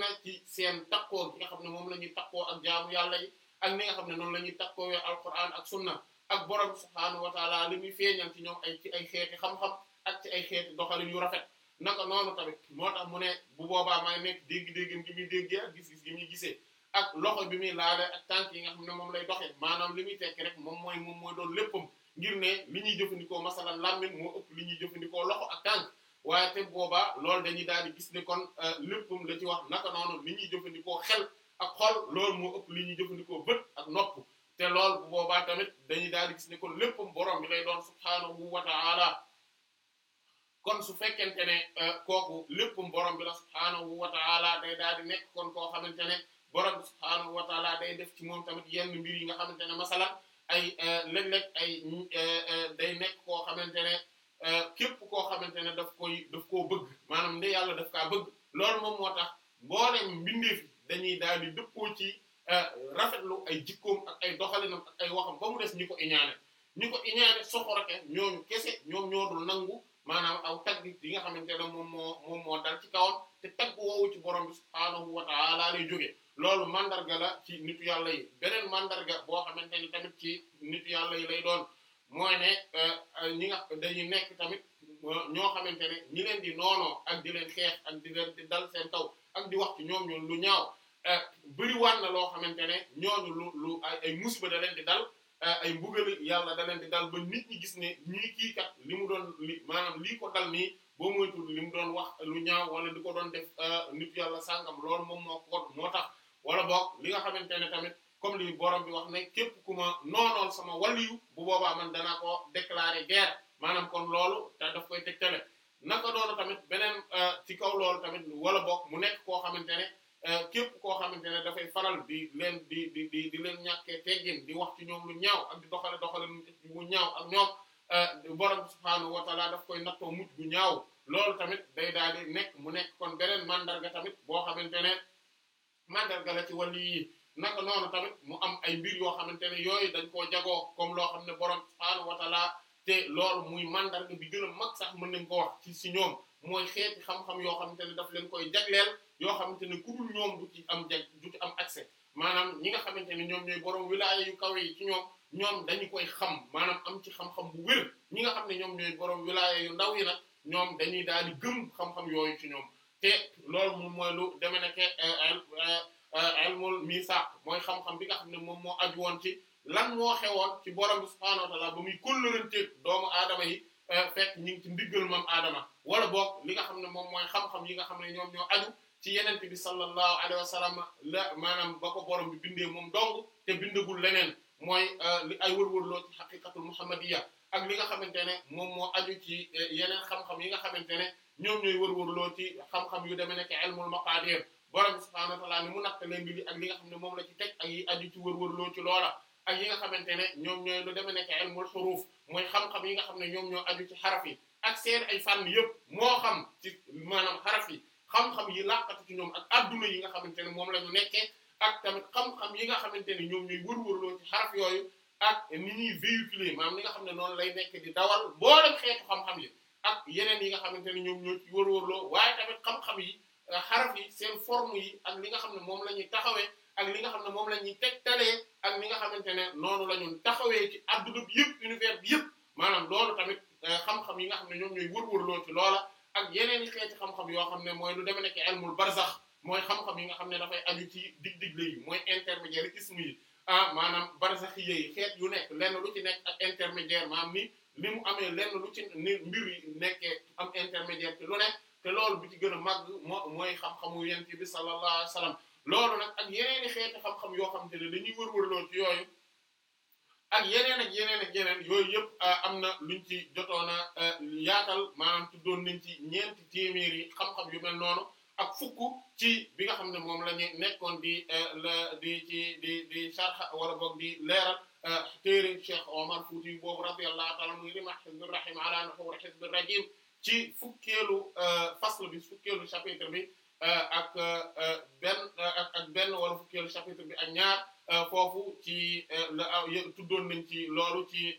na ci seen takkoo gi nga xam ne moom la ñuy takkoo ak jaamu yàlla yi ak ni nga xam ne noonu la ñuy takkoowe alquran ak sunna ak borom subhaanahu wa taala li muy feeñal ci ñoom ay ci ay xeeti xam-xam ak ci ay xeeti doxalin yu rafet naka noonu tamit moo tax mu ne bu boobaa may nekk dégg-déggam gi muy déggee ak gis-gis gi muy gisee ak loxo bi muy laale ak tànk yi nga xam ne moom lay doxee maanaam li muy tekki rek moom mooy moom mooy doon léppam ngir ne li ñuy jëfandikoo masalan làmmiñ moo ëpp li ñuy jëfandikoo loxo ak tànk waaye te boobaa loolu dañuy daal di gis ne kon euh, léppam la ci wax naka noonu li ñuy jëfandikoo xel ak xol loolu moo ëpp li ñuy jëfandikoo bët ak nopp te loolu bu boobaa tamit dañuy daal di gis ne kon léppam borom lay doon subhaanahu wa ta'ala kon su fekkente ne euh, kooku lépp borom bi la subhaanahu wa taala day daal nekk kon koo xamante ne borom bi subhaanahu wa taala day def ci moom tamit yenn mbir yi nga xamante ne masala ay euh, léeg-léeg ay euh, day nekk koo xamante ne képp koo xamante ne daf ko daf koo bëgg maanaam nde yàlla daf kaa bëgg loolu moom moo tax mboolem mbindeef dañuy daal di dëppoo ci rafetlu ay jikkoom ak ay doxalinam ay waxam ba mu des ñi ko iñaane ñi ko iñaane soxorake ñooñu kese ñoom ñoo nangu maanaam aw tagg yi nga xamante ne moom moo moom moo dal ci kawam te tagg woowu ci borom bi subhaanahu wa ta'ala lay jóge loolu mandarga la ci nitu yàlla yi beneen mandarga boo xamante ni tamit ci nitu yàlla yi lay doon mooy ne euh, ñi nga dañuy nekk tamit euh, ñoo xamante ne ñi leen di noonoo ak di leen xeex ak di di dal seen taw ak di wax ci ñoom ñu lu ñaaw euh, bëri war na loo xamante ne ñoo lu lu ay musiba da leen di dal Euh, ay mbugali yàlla da leen di dal ba nit ñi gis ne ñii kii kat li mu doon li maanaam lii ko dal nii boo moytul li mu doon wax lu ñaaw wala di ko doon def euh, nit yàlla sàngam loolu moom moo ko moo tax wala boog li nga xamante ne tamit comme li borom bi wax ne képp ku ma noonool sama waliyu bu boobaa man danaa ko déclarer guerre maanaam kon loolu te daf koy tegtale naka doonu tamit beneen euh, ci kaw loolu tamit wala boog mu nekk koo xamante ne Euh, képp koo xamante ne dafay faral di leen di di di leen ñàkkee teggin di wax ci ñoom lu ñaaw ak di doxale doxale bu ñaaw ak ñoom euh, borom subhaanahu wa taala daf koy nattoo mujj bu ñaaw lool tamit day daal di nekk mu nekk kon beneen mandarga tamit boo xamante ne mandarga la ci wàllu yi naka noonu tamit mu am ay mbir yoo xamante ne yooyu dañ koo jagoo comme loo xam ne borom subhaanahu wa taala te loolu muy mandarga bi gën a mag sax mën nañ ko ci si ñoom mooy xeeti xam-xam yoo xamante ne daf leen koy jagleel. yoo xamante ne ku dul ñoom du ci am jag du ci am accès maanaam ñi nga xamante ne ñoom ñooy borom wilaya yu kawe yi ci ñoom ñoom dañu koy xam maanaam am ci xam-xam bu wér ñi nga xam ne ñoom ñooy borom yu ndaw yi nag ñoom dañuy di gëm xam yooyu ci ñoom te loolu moom mooy lu deme neke eh, eh, eh, ilmul misaq mooy xam bi nga xam ne moom moo aju woon ci lan moo xewoon ci borom bi subhaanahu ba muy kóllëranteeg doomu aadama yi fekk ñu ngi ci moom aadama wala boog li xam ne moom mooy xam yi nga xam ne ñoom ñoo aju ci yeneen bi sallallahu alayhi wa sallam la maanaam ba ko borom bi bindee moom dong te bindagul leneen mooy euh, li ay wërwërloo ci xaqiqatul muhammadiyya ak li nga xamante ne moom moo aju ci euh, yeneen xam yi nga xamante ne ñoom ñooy wërwërloo ci xam-xam yu demee nekk ilmul maqadir borom bi subhanahu wa ta'ala ni mu nattale mbir yi ak li nga xam ne moom la ci teg ak yi aju ci wërwërloo ci loola ak yi nga xamante ne ñoom ñooy lu demee nekk ilmul huruf mooy xam-xam yi nga xam ne ñoom ñoo aju ci xaraf yi ak seen ay fànn yëpp moo xam ci maanaam xaraf yi xam-xam yi làqatu ci ñoom ak adduna yi nga xamante ne moom la ñu nekkee ak tamit xam-xam yi nga xamante ne ñoom ñooy wër-wërloo ci yooyu ak ni ñuy véhiculer li nga xam ne noonu lay nekk di dawal mboolem xeetu xam yi ak yeneen yi nga xamante ne ñoom ñoo ci wër-wërloo waaye tamit xam-xam yi xaraf yi seen forme yi ak li nga xam ne moom la ñuy taxawee ak li nga xam ne moom la ñuy tegtalee ak li nga xamante ne noonu la ñu taxawee ci adduna bi yëpp univers yëpp maanaam loolu tamit xam-xam yi nga xam ne ñoom ñooy wër-wërloo ci loola ak yeneen i xeeti xam-xam yoo xam ne mooy lu deme nekk ilmul barzax mooy xam-xam yi nga xam ne dafay aju ci dig-digle yi mooy intermédiaire ismu ah maanaam barzax yi xeet yu nekk lenn lu ci nekk ak intermédiaire maanaam ni mu amee lenn lu ci ni mbir yi nekkee am intermédiaire ci lu nekk te loolu bi ci gën a màgg moo mooy xam-xamu yent bi sallallahu alayhi wasallam loolu nag ak yeneen i xeeti xam-xam yoo xam te ne dañuy wër-wër lool ci yooyu ak yeneen ak yeneen ak yeneen yooyu yëpp euh, am na luñ ci jotoona euh, yatal maanaam tuddoon nañ ci ñeenti téeméer yi xam yu mel noonu ak fukk ci bi nga xam ne moom la ñu nekkoon di euh, la di ci di di sarxa wara boog di leeral téere Cheikh Omar Fouti boobu radiyallahu ta'ala muy rima xisbi rahim ala nuxur xisbi rajim ci fukkeelu fasl bi fukkeelu chapitre bi ak benn ak benn wala fukkeelu chapitre bi ak ñaar Euh, foofu ci euh, euh, tuddoon nañ ci loolu ci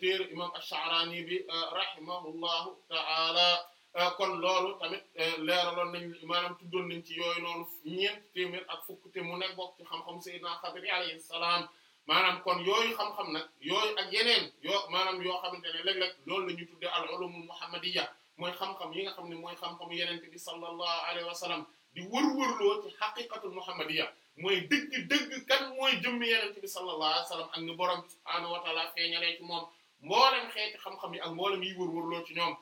téer imam ash-Sha'rani bi rahimahullahu ta'ala kon loolu tamit leeraloon nañ maanaam tuddoon nañ ci yooyu noonu ñeent téeméer ak fukk te mu nekk bokk ci xam-xam sayyidina Xadir alayhi salaam maanaam kon yooyu xam-xam nag yooyu ak yeneen yoo maanaam yoo xamante ne léeg-léeg loolu la ñuy tuddee al-ulumul muhammadiyya mooy xam-xam yi nga xam ne mooy xam-xamu yeneen bi sallallahu alayhi wa sallam di wër-wërloo ci haqiqatul muhammadiyya mooy dëgg dëgg kan mooy jëmmi yenente bi sallallahu alayhi wa sallam ak ni borom subhaanahu wa taala feeñalee moom mboolem xeeti xam-xam yi ak mboolem yi wër loo ci ñoom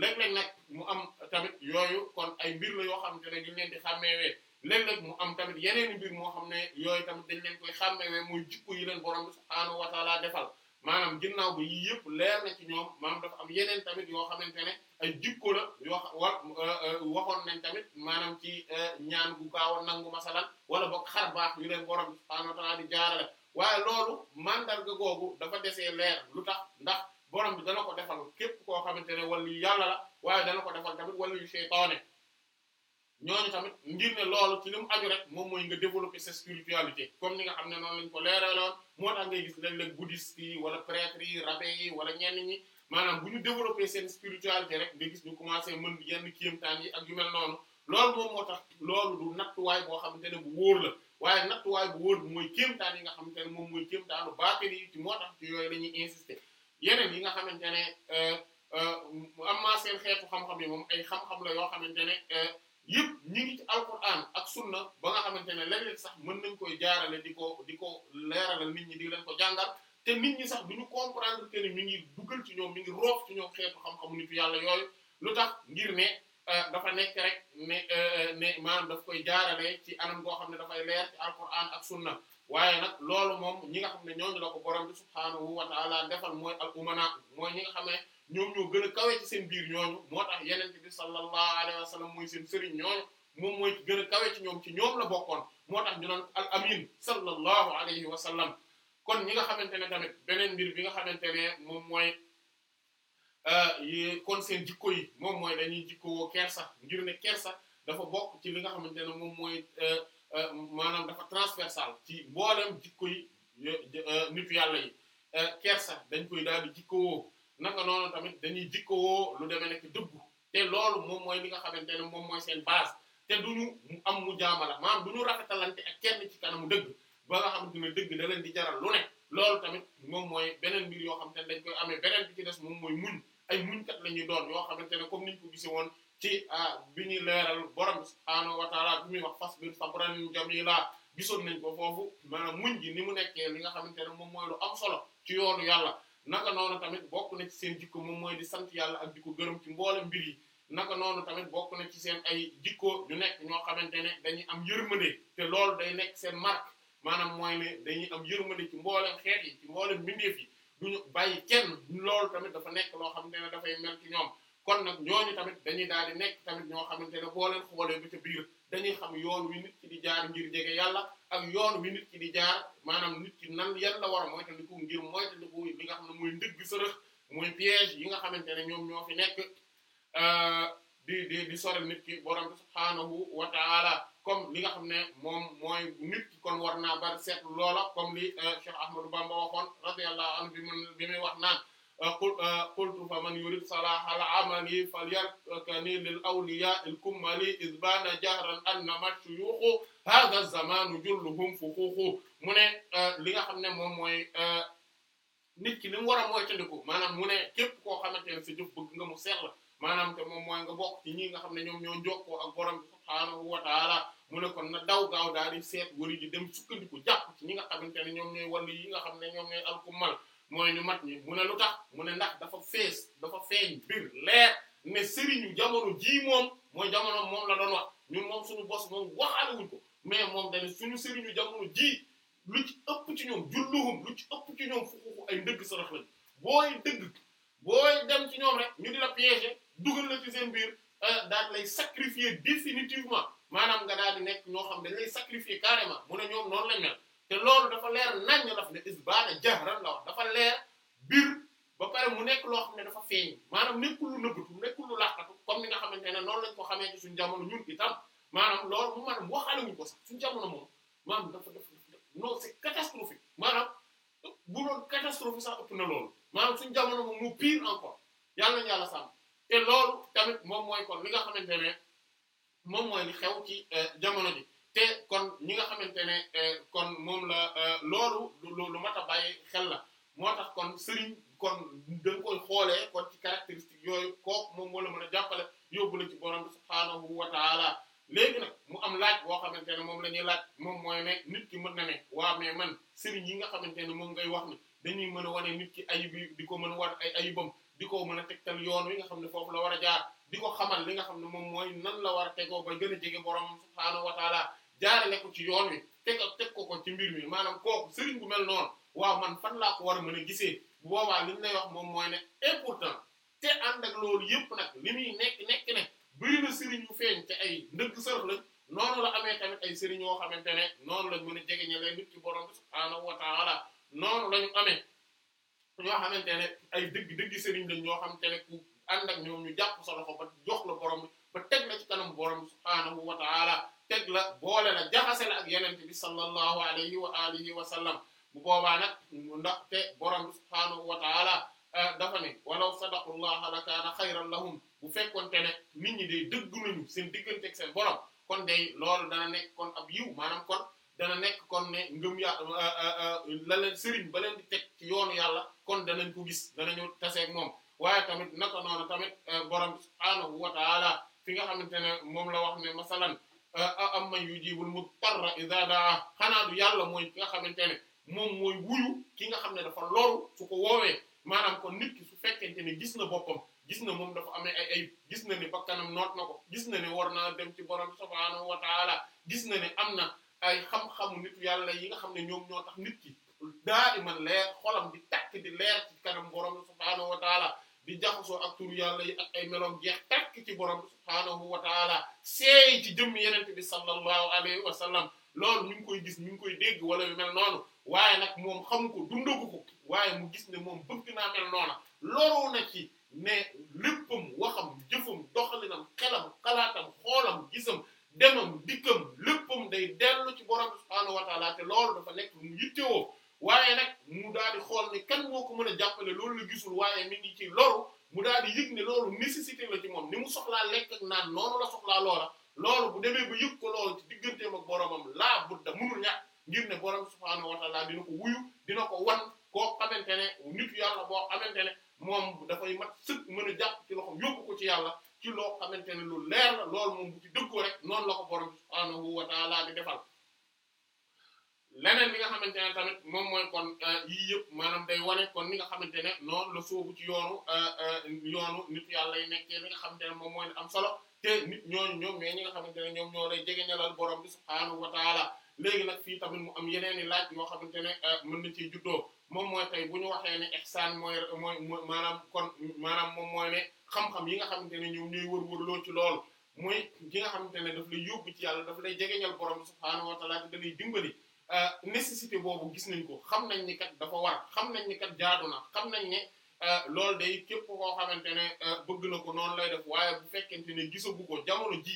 léeg-léeg nag mu am tamit yooyu kon ay mbir la yoo xamante ne dañ leen di xàmmeewee léeg-léeg mu am tamit yeneen mbir moo xam ne yooyu tamit dañ leen koy xàmmeewee mooy jikko yi leen borom bi subhaanahu wa taala defal maanaam ginnaaw bi yii yëpp leer na ci ñoom maanaam dafa am yeneen tamit yoo xamante ne ay jikko la yoo wa euh, euh, waxoon nañ tamit maanaam ci euh, ñaan gu gaaw a nangu masalan wala boog xar baax yu leen borom subhaanahu wa ta'aala di jaarale waaye loolu mandarga googu dafa desee leer lu tax ndax borom bi dana ko defal képp koo xamante ne wala yu yàlla la waaye dana ko defal tamit wala yu seytaane ñooñu tamit ngir ne loolu ci li mu aju rek moom mooy nga développer sa spiritualité comme ni nga xam ne noonu lañ ko leeraloon moo tax gis léeg-léeg bouddhiste yi wala prêtre yi rabbin yi wala ñenn ñi maanaam bu ñu développer seen spiritualité rek nga gis ñu commencé mën yenn kéemtaan yi ak yu mel noonu loolu moom moo tax loolu du nattuwaay boo xamante ne bu wóor la waaye nattuwaay bu wóor bi mooy kéemtaan yi nga xamante ne moom mooy kéemtaanu baatin yi ci moo tax ci yooyu la ñuy insister yeneen yi nga xamante ne euh, euh, am naa seen xeetu xam-xam yi moom ay xam-xam la yoo xamante ne euh, yëpp ñu ngi ci alquran ak sunna ba nga xamante ne léeg-léeg sax mën nañ koy jaarale di ko di ko leeralal nit ñi di lañ ko jàngal te nit ñi sax ñu comprendre que mi ngi dugal ci ñoom mi ngi roof ci ñoom xeetu xam-xamu nitu yàlla yooyu lu tax ngir ne euh, dafa nekk rek ne euh, ne maanaam daf koy jaarale ci anam boo xam ne dafay leer ci alquran ak sunna waaye nag loolu moom ñi nga xam ne ñooñu la ko borom bi subhaanahu wa taala defal mooy al umana mooy ñi nga xam ne ñoom ñoo gën a kawe ci seen biir ñooñu moo tax yeneen bi sallallahu alayhi wa mooy seen sëriñ ñooñu moom mooy gën a kawe ci ñoom ci ñoom la bokkoon moo tax ñu naan al amin sallallahu alayhi wa kon ñi nga xamante ne tamit beneen mbir bi nga xamante ne moom mooy euh, kon seen jikko yi moom mooy dañuy jikko woo kersa ngir ne kersa dafa bokk ci li nga xamante ne moom mooy euh, euh, maanaam dafa transversal ci mboolem jikko yi nitu yàlla yi kersa dañ koy daal di jikko naka noonu tamit dañuy jikkowoo lu demee nekk dëggu te loolu moom mooy li nga xamante ne moom mooy seen base te duñu am mu jaamala maanaam du ñu rafetalante ak kenn ci kanamu dëgg ba nga xamante dëgg da di jaral loolu tamit moom mooy beneen mbir yoo xamante ne dañ koy beneen bi ci des moom mooy muñ ay muñkat la ñuy doon yoo xamante ne comme niñ ko gisee woon ci ah, bi ñuy leeral borom subhaanahu wa taala bi muy wax fasbir sabran jamila gisoon nañ ko foofu maanaam muñ gi ni mu nekkee li nga xamante ne moom mooy lu am solo ci yoonu yàlla naka noonu tamit bokk na ci seen jikko moom mooy di sant yàlla ak di gërëm ci mboole mbir yi naka noonu tamit bokk na ci seen ay jikko ñu nekk ñoo xamante ne dañuy am yërmande te loolu day nekk seen marque maanaam mooy dañuy am yërmande ci mboolem xeet yi ci mboolem mbindeef yi duñu bàyyi kenn loolu tamit dafa nekk loo xamante ne dafay mel ci ñoom kon nag ñooñu tamit dañuy daal di nekk tamit ñoo xamante ne boo leen xoolee ba ca biir dañuy xam yoon wi nit ki di jaar ngir jege yàlla ak yoon wi nit ki di jaar maanaam nit ki nan yan la war a moytandiku ngir moytandiku li nga xam ne mooy ndëgg sërëx mooy piège yi nga xamante ne ñoom ñoo fi nekk euh, di di di sore nit ki borom subhaanahu wa taala comme li nga xam ne moom mooy nit ki kon war naa bari seetlu loola comme li euh, Cheikh Ahmadou Bamba waxoon radiyallahu anhu bi mu bi muy wax naan qultu fa man yurid salaha al-amali falyarkani lil awliya al-kummali iz bana jahran annama shuyukhu hadha az-zamanu julluhum fukhukhu mu ne li nga xam ne moom mooy nit ki li mu war a moytandiku maanaam mu ne képp koo xamante ne sa jëf bëgg nga mu sell maanaam nga bokk nga xam ne ñoom ñoo jokkoo ak borom bi mu ne kon na daw gaaw daal seet wari di dem sukkandiku jàpp ci ñi nga xamante ne ñoom ñooy wàllu yi nga xam ne ñoom ñooy al-kummal mooy ñu mat ñi mu ne lu tax mu ne ndax dafa fees dafa feeñ biir leer ne sëriñu jamono ji moom mooy jamono moom la doon wax ñun moom suñu bos moom waxaale wuñ ko mais moom dañu suñu sëriñu jamono jii lu ëpp ci ñoom julluhum lu ci ëpp ci ñoom fuxuxu ay ndëgg sa rax lañ booy dëgg booy dem ci ñoom rek ñu di la piéger dugal la ci seen biir euh, daal lay sacrifier définitivement maanaam nga daal di nekk ñoo xam dañ lay sacrifier carrément mu ne ñoom noonu lañ te loolu dafa leer nañ na daf ne isbaana jahran la dafa leer biir ba pare mu nekk loo xam ne dafa feeñ maanaam nekkul lu nëbbatu nekkul lu làqatu comme ni nga xamante ne noonu lañ ko xamee ci suñu jamono ñun itam maanaam loolu mu maanaam waxaale wuñ ko sax suñu jamono moom maanaam dafa def non c'est catastrophique maanaam bu doon catastrophe sax ëpp na loolu maanaam jamono moom mu pire encore yàlla nañu yàlla sàmm loolu tamit moom mooy kon li nga xamante ne moom mooy ni xew ci euh, jamono ji te kon ñi nga xamante ne eh, kon moom la eh, loolu lu mat a bàyyi xel la moo tax kon sëriñ kon da nga koy xoolee kon ci caractéristique yooyu kooku moom moo la mën a jàppale yóbbu la ci borom bi subhaanahu wa taala léegi nag mu am laaj boo xamante ne moom la ñuy laaj moom mooy ne nit ki mën na ne waa mais man sëriñ yi nga xamante ne moom ngay wax ni dañuy mën a wane nit ki ayib yi di ko mën a war ay di ko mën a tegtal yoon wi nga xam ne foofu la war a jaar di ko xamal li nga xam ne moom mooy nan la war a tegoo gën a jege borom subhaanahu jaarale ko ci yoon wi teg teg ko ko ci mbir mi maanaam kook sëriñ bu mel noon waaw man fan laa ko war a mën a gisee bu boobaa li ñu lay wax moom mooy ne important te ànd loolu yëpp nag li muy nekk nekk ne bëri na sëriñ yu feeñ te ay ndëgg sërëx lañ la amee tamit ay sëriñ yoo xamante ne noonu lañ mën a jegeñalee nit ci borom bi subhaanahu wa ta'ala noonu lañu ñu amee ñoo xamante ne ay dëgg dëgg sëriñ lañ ñoo xam ne ku ànd ak ñoom ñu jàpp sa ko ba jox la borom ba teg la ci kanam borom bi subhaanahu teg la boole la jaxase la ak yenente bi sallallahu alayhi wa alihi wa sallam bu boobaa ndax ndaxte borom subhaanahu wa taala eh, dafa ne walaw sadaqullaha la bu fekkonte ne nit ñi day dëggu nañu seen digganteeg seen borom kon day loolu dana nekk kon ab yiw maanaam kon dana nekk kon ne ngëm yàlla eh, eh, la leen sëriñ teg ci yàlla kon danañ ko gis danañu taseeg moom waaye tamit naka tamit borom subhaanahu wa taala nga xamante ne moom la wax ne masalan am man yujibul mutarra idha daa xanaa du yàlla mooy ki nga xamante ne moom mooy wuyu ki nga xam ne dafa loru su ko woowee maanaam kon nit ki su fekkente ne gis na boppam gis na moom dafa amee ay ayib gis na ne kanam noot na ko gis na ne war naa dem ci borom subhaanahu wa gis na ne am na ay xam-xamu nitu yàlla yi nga xam ne ñoom ñoo tax nit ki daa iman leer xolam di takk di leer ci kanam borom subhaanahu wa di jaxasoo ak turu yàlla yi ak ay meloom jeex takk ci borom subhaanahu wa taala seey ci jëmm yenente bi sallallahu alayhi wa sallam loolu ñu ngi koy gis ñu ngi koy dégg wala yu mel noonu waaye nag moom xamu ko dundagu ko waaye mu gis ne moom bëgg naa mel noona loroo na ci ne léppam waxam jëfam doxalinam xelam xalaatam xoolam gisam demam dikkam léppam day dellu ci borom subhaanahu wa taala te loolu dafa nekk mu yittewoo waaye nag mu daal di xool ne kenn moo ko mën a jàppale loolu la gisul waaye mi ngi ci loru mu daal di yëg ne loolu nécessité la ci moom ni mu soxlaa lekk ak naan noonu la soxlaa loola loolu bu demee ba yëg ko loolu ci digganteem ak boromam laa budda munul ñàkk ngir ne borom subhaanahu wa dina ko wuyu dina ko wan koo xamante ne nit yàlla boo xamante ne moom dafay mat sëkk mën a jàpp ci loxo yóbbu ko ci yàlla ci loo xamante ne lu leer la loolu moom bu ci dëggoo noonu la ko borom subhaanahu wa leneen li nga xamante ne tamit moom mooy kon euh, yii yëpp maanaam day wane kon li nga xamante ne noonu la soobu ci yoonu euh, euh, yoonu nit yàlla yi nekkee li nga xamante ne moom mooy am solo te nit ñoom ñooy ñi nga xamante ne ñoom ñoo lay jegeñalal borom bi subhaanahu wa taala léegi nag fii tamit mu am yeneen i laaj yoo xamante ne mën na ciy juddoo moom mooy tey bu ñu waxee ne ihsaan mooy mooy maanaam kon maanaam moom mooy ne xam-xam yi nga xamante ne ñoom ñooy wër-wërloo ci loolu muy ki nga xamante ne daf lay yóbbu ci yàlla daf lay jegeñal borom bi subhaanahu wa taala te da dimbali Euh, nécessité boobu gis nañ ko xam nañ ni kat dafa war xam nañ ni kat jaadu na xam nañ ne euh, loolu day képp koo xamante ne euh, bëgg na ko noonu lay def waaye bu fekkente ne gisagu ko jamono ji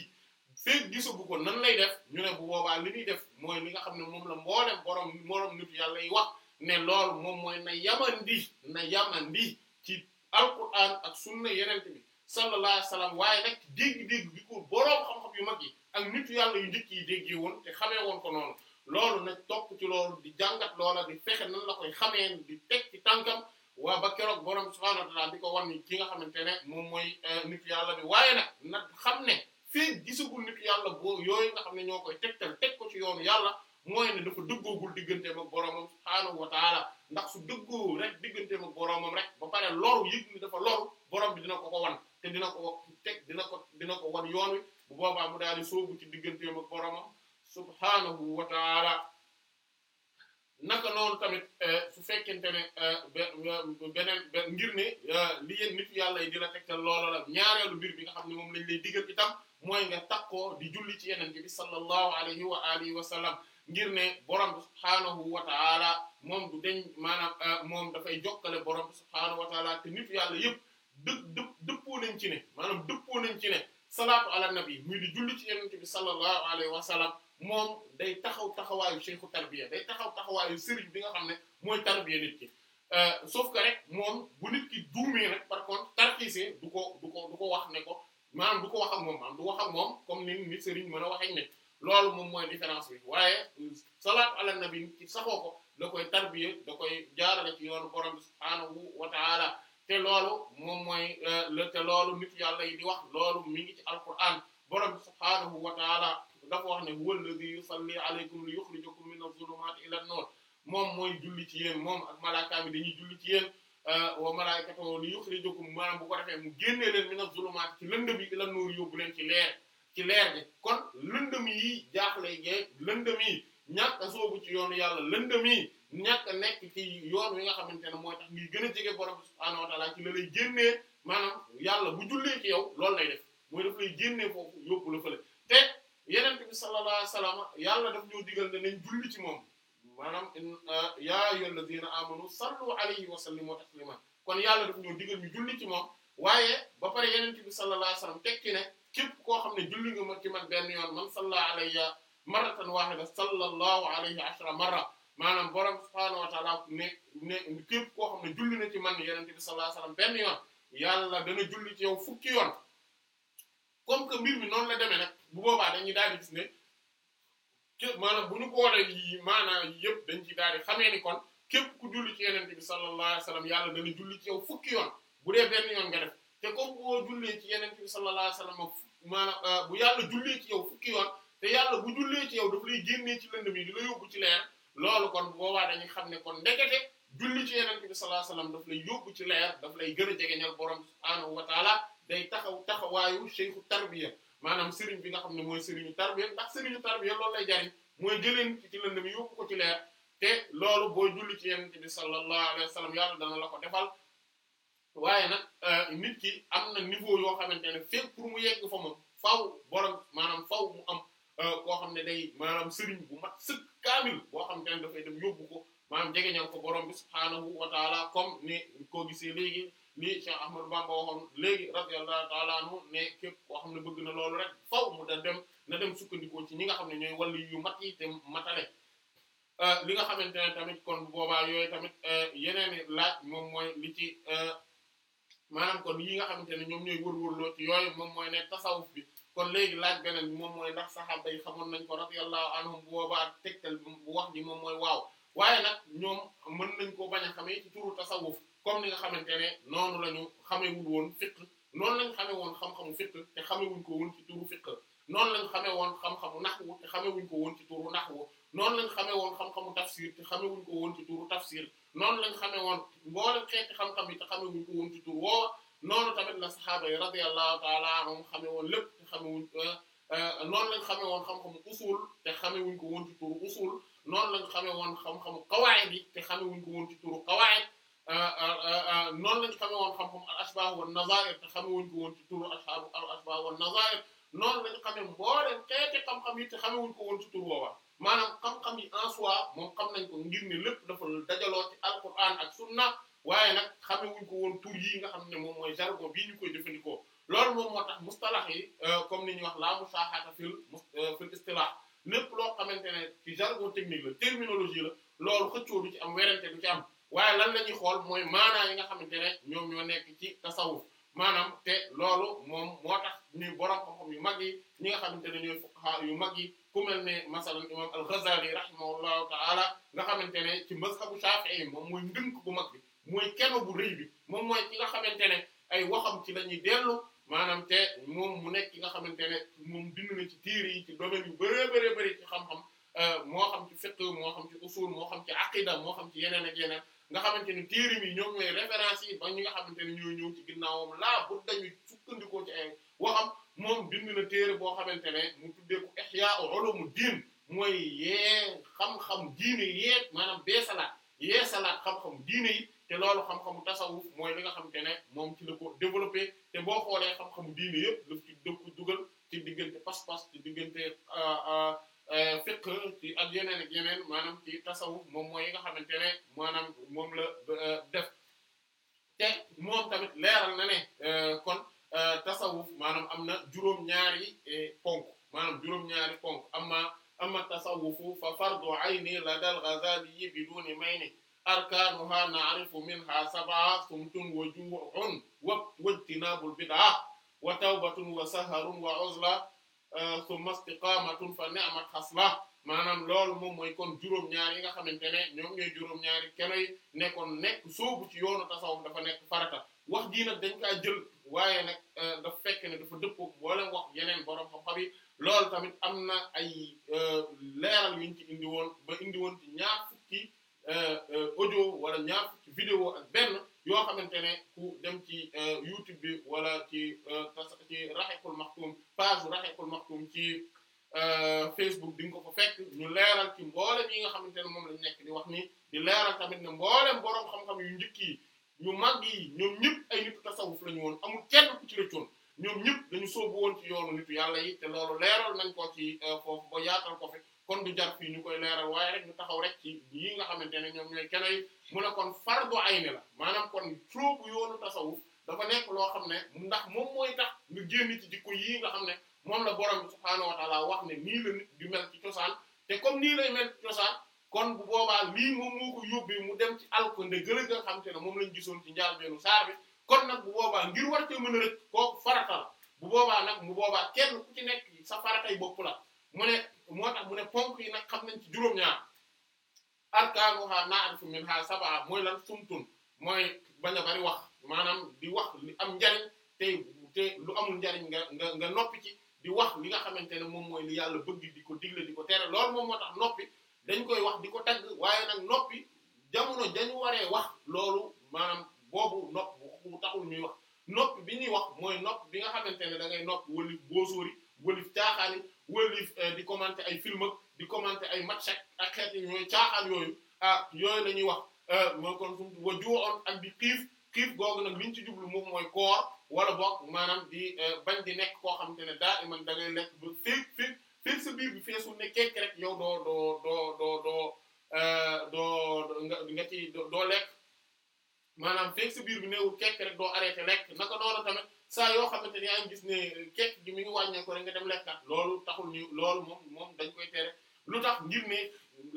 feeg gisagu ko nan lay def ñu ne bu boobaa li muy def mooy li nga xam ne moom la mboolem borom moroom nit yàlla yi wax ne loolu moom mooy na yamandi na yamandi ci alquran ak sunna yeneen bi sallallahu alayhi waaye nag dégg-dégg bi ko boroom xam-xam yu mag yi ak nit yàlla yu njëkk yi déggee woon ko noonu. loolu nag topp ci loolu di jàngat loola di fexe nan la koy xamee di teg ci tànkam waa ba keroog borom subhaanahu di ko war ni ki nga xamante ne moom mooy euh, nit yàlla waaye nag nag xam ne fii gisagul nit yàlla boo xam ne ñoo koy teg ko ci yoonu yàlla mooy ne dafa dëggoogul diggante ba boromam subhaanahu wa ndax su dëggoo rek diggante ba rek ba pare loru yëg ni dafa loru borom bi dina ko ko wan te dina ko teg dina ko dina ko wan yoon wi bu boobaa mu daal di sóobu ci digganteem ak boromam. subhaanahu wa taala naka noonu tamit eh, su fekkente ne eh, beneen ngir ne eh, li yéen nit yàlla yi di la loola la ñaareelu mbir bi nga xam ne moom lañ lay digal itam mooy nga takkoo di julli ci yeneen bi sallallahu alayhi wa alihi wa sallam ngir ne borom bi subhaanahu wa taala moom du deñ maanaam moom dafay jokkale borom bi subhaanahu wa taala te nit yàlla yëpp dëpp ci ne maanaam dëppoo ci ne salaatu ala nabi muy di julli ci yeneen bi sallallahu alayhi wa sallam moom day taxaw taxawaayu cheikhu tarbiya day taxaw taxawaayu sëriñ bi nga xam ne mooy tarbiya nit ki euh, sauf que rek moom bu nit ki duumee nag par contre tarxiisee du ko du ko ko wax ne ko maanaam du ko wax ak moom maanaam du wax ak moom comme ni nit sëriñ mën a waxee ne loolu moom mooy différence bi waaye euh, salaatu ala nabi nit ki saxoo ko da koy tarbiya da koy jaarale ci yoonu borom bi subhaanahu wa te loolu moom mooy euh, te loolu nit yàlla yi di wax loolu mi ngi dafa wax ne huwa alladhi yusalli alaykum li yukhrijakum min adh-dhulumati ila an-nur moom mooy julli ci yéen moom ak malaaka mi dañuy julli ci yéen euh, wa malaikatahu li yukhrijakum maanaam bu ko defee mu génnee leen min adh-dhulumati ci lënd bi ila an yóbbu leen ci leer ci leer bi kon lëndëm yi jaaxle gee lëndëm yi ñàkk a soobu ci yoonu yàlla lëndëm yi ñàkk nekk ci yoon wi nga xamante ne mooy tax ngiy gën a jege borom a wa ta'ala ci la lay génnee maanaam yàlla bu jullee ci yow loolu lay def mooy daf lay yenent bi sallallahu alayhi salaam yàlla daf ñoo digal ne nañ julli ci moom maanaam uh, yaa ayyuhal ladina amanu sallu alayhi wa sallimu taslima kon yàlla daf ñoo digal ñu julli ci moom waaye ba pare yenent bi sallallahu alayhi wasallam tekki ne képp koo xam ne julli nga ma ci man benn yoon man salla alayya marratan wahida sallallahu alayhi ashra marra maanaam borom subhaanahu wa ta'ala ne ne ne julli na ci man yenent bi sallallahu alayhi wasallam benn yoon yàlla dana julli ci yow fukki yoon comme que mbir mi noonu la demee bu boobaa dañuy daal di gis ne képp maanaam bu ñu koolee yi maanaam yëpp dañ ci daal di xamee ni kon képp ku julli ci yenente bi sallallahu alayhi wasallam yàlla dana julli ci yow fukki yoon bu dee benn yoon te comme boo ci yenente bi sallallahu alayhi wasallam maanaam euh, bu yàlla jullee ci yow fukki yoon te yàlla bu jullee ci yow daf lay génnee ci lëndëm yi di la yóbbu ci leer loolu kon boobaa dañuy xam ne kon ndekete julli ci yenente bi sallallahu alayhi wasallam daf lay yóbbu ci leer daf lay gën a jegeñal borom subhaanahu wa taala day taxaw taxawaayu cheikhu tarbiya maanaam sëriñ bi nga xam ne mooy sëriñu tarbiya ndax sëriñu tarbiya loolu lay jariñ mooy jëleen ci lëndëm yóbbu ko ci leer te loolu boo julli ci yonent bi sallallahu alayhi wa sallam yàlla dana la ko defal waaye nag euh, nit ki am na niveau yoo xamante ne fépp pour mu yegg fa moom faw borom maanaam faw mu am euh, koo xam ne day maanaam sëriñ bu mat sëkk kaamil boo xam te ne dafay dem yóbbu ko maanaam jegeñal ko borom bi subhaanahu wa taala comme ni koo gisee léegi lii Cheikh Ahmadou Bamba waxoon léegi radiyallahu ta'ala anhu képp koo xam ne bëgg na loolu rek faw mu da dem na dem sukkandikoo ci ñi nga xam ne ñooy wàllu yu mat yi te matale euh, li nga xamante ne tamit kon boobaa yooyu tamit euh, yeneen i laaj moom mooy li ci euh, maanaam kon yi nga xamante ne ñoom ñooy wër-wërloo ci yooyu moom mooy ne tasawuf bi kon léegi laaj beneen bi moom mooy ndax saxaaba yi xamoon nañ ko radiyallahu anhum bu boobaa tegtal bu wax ji moom mooy waaw waaye nag ñoom mën nañ ko bañ a xamee comme ni nga xamante ne noonu la ñu xamewul woon fiqh noonu lañ xamee woon xam-xamu fiqh te xamewuñ ko woon ci turu fiqh noonu lañ xamee woon xam-xamu naxwu te xamewuñ ko woon ci turu naxwu noonu lañ xamee woon xam-xamu tafsir te xamewuñ ko woon ci turu tafsir noonu lañ xamee woon mboolem xeeti xam-xam yi te xamewuñ ko woon ci turu woowa noonu tamit la saxaaba yi radiyallahu ta'ala anhum xamee woon lépp te xamewuñ euh, euh, noonu lañ xamee woon xam-xamu usul te xamewuñ ko woon ci turu usul noonu lañ xamee woon xam-xamu qawaid yi te xamewuñ ko woon ci turu qawaid Euh, euh, euh, noonu lañ xame woon xam-xam al ashbah wa nazair te xame wuñ ko woon ci turu ashab al ashbah wa nazair noonu lañ xame mbooleem xeeti xam-xam yi te xame wuñ ko woon ci turu woowa maanaam xam yi en soi moom xam nañ ko ngir ne lépp dafa dajaloo ci alquran ak sunna waaye nag xame wuñ ko woon tur yi nga xam ne moom mooy jargon bii ñu koy jëfandikoo loolu moom moo tax mustalax yi comme ni ñuy wax laa musaaxaata fil fil istilah lépp loo xamante ne ci jargon technique la terminologie la loolu xëccoo du ci am werante du ci waaye lan la ñuy xool mooy maanaa yi nga xamante ne ñoom ne nekk ci tasawuf maanaam te loolu moom moo tax ni borom xam-xam yu mag yi ñi nga xamante ne ñooy fuqaha yu mag yi ku mel ne masalan imam al-Ghazali rahimahullahu ta'ala nga xamante ne ci mazhabu Shafi'i moom mooy ndënk bu mag bi mooy keno bu rëy bi moom mooy ki nga xamante ne ay waxam ci la ñuy dellu maanaam te moom mu nekk ki nga xamante ne moom bind na ci tiir yi ci domaine yu bëree bëree bëri ci xam-xam euh, moo xam ci fiqh moo xam ci usul moo xam ci aqida moo xam ci yeneen ak yeneen nga xamante ne téerim yi ñoom ñooy référence yi ba ñi nga xamante ni ñoo ñëw ci ginnaawam laa bu dañu sukkandikoo ci ay waxam moom bind na téere boo xamante ne mu tuddee ko ihya ulumuddin mooy yee xam-xam diine yeet maanaam beesalaat yee salaat xam-xam diine yi te loolu xam-xamu tasawuf mooy li nga xamante ne moom ci la ko développé te boo xoolee xam-xamu diine yëpp daf ci dëkk dugal ci diggante pas-pas ci diggante euh, euh, Euh, fiqh ci ak yeneen ak yeneen maanaam ci tasawuf moom mooy yi nga xamante ne maanaam moom la euh, def te moom tamit leeral na ne euh, kon tasawuf maanaam am na juróom-ñaari eh, ponk maanaam juróom-ñaari ponk amma amma tasawufu fa fardu ayni la dal ghazali biduni mayni arkaanuha na'rifu minha sab'a sumtun wa ju'un wa wajtinabul bid'a wa tawbatun wa saharun wa uzla Euh, summa istiqaamatun fa ni'mat hasla maanaam lool moom mooy kon juróom-ñaar yi nga xamante ne ñoom ñooy juróom-ñaari keno nekkoon nekk soobu ci yoonu tasawuf dafa nekk farata wax jii nag dañ kaa jël waaye nag euh, dafa fekk ne dafa dëppoo boole wax yeneen borom xam-xam lool tamit am na ay euh, leeral yuñ ci indi woon ba indi woon ci ñaar fukki audio wala ñaar fukki vidéo ak benn yoo xamante ne ku dem ci euh, YouTube bi wala ci euh, ci Rahiqul Makhtoum page Rahiqul Makhtoum ci euh, Facebook di nga ko fa fekk ñu leeral ci mboolem yi nga xamante ne moom lañu nekk di wax ni di leeral tamit ne mboolem boroom xam-xam yu njëkk yi ñu màgg yi ñoom ñëpp ay nitu tasawuf lañu woon amul kenn ku ci rëccoon ñoom ñëpp dañu sóobu woon ci yoonu nitu yàlla yi te loolu leeral nañ ko ci foofu ba yaatal ko fi kon du jar fii ñu koy leeral waaye rek ñu taxaw rek ci yi nga xamante ne ñoom ñooy keno mu ne kon fardu ayni la maanaam kon sóobu yoonu tasawuf dafa nekk loo xam ne ndax moom mooy tax nga ci jikko yii nga xam ne moom la borom bi subhaanahu wa taala ne nii di mel ci cosaan nii lay mel ci kon bu boobaa lii moom moo ko yóbbee mu dem ci alkonde gëlë nga xam te ne moom lañ gisoon ci njaal beenu saar bi kon nag bu boobaa ngir war warte mën a rek kooku farata la bu boobaa nag mu boobaa kenn ku ci nekk sa ay bopp la mu ne moo tax mu ne ponk yi nag xam nañ ci juróom-ñaar arkaanuha na'rifu minha sab'a mooy lan sumtun mooy bañ a bari wax maanaam di wax li am njariñ te te lu amul njariñ nga nga nga noppi ci di wax li nga xamante ne moom mooy li yàlla bëgg di ko digle di ko tere loolu moom moo tax noppi dañ koy wax di ko tagg waaye nag noppi jamono dañu waree wax loolu maanaam boobu nopp bu taxul ñuy wax noppi bi ñuy wax mooy nopp bi nga xamante ne da ngay nopp wëlif boosóori wëlif caaxaani wëlif eh, di commenter ay film di commenter ay match ak xeet yooyu caaxaan yooyu ah yooyu la ñuy wax eh, mooy kon fu wa juwoon ak di xiif xiif googu nag liñ ci jublu moom mooy koor wala bokk maanaam di eh, bañ di nekk koo xamante ne daa iman da ngay lekk ba féeg fi féeg ne kekk rek yow doo doo doo doo doo doo nga nga ci doo lekk maanaam féeg sa biir bi néewul kekk rek doo arrêté lekk naka noonu tamit saa yoo xam xamante ni yaa ngi gis ne kekk gi mu ngi wàññeeku rek nga dem lekkaat loolu taxul ñu loolu moom moom dañ koy tere lu tax ngir ne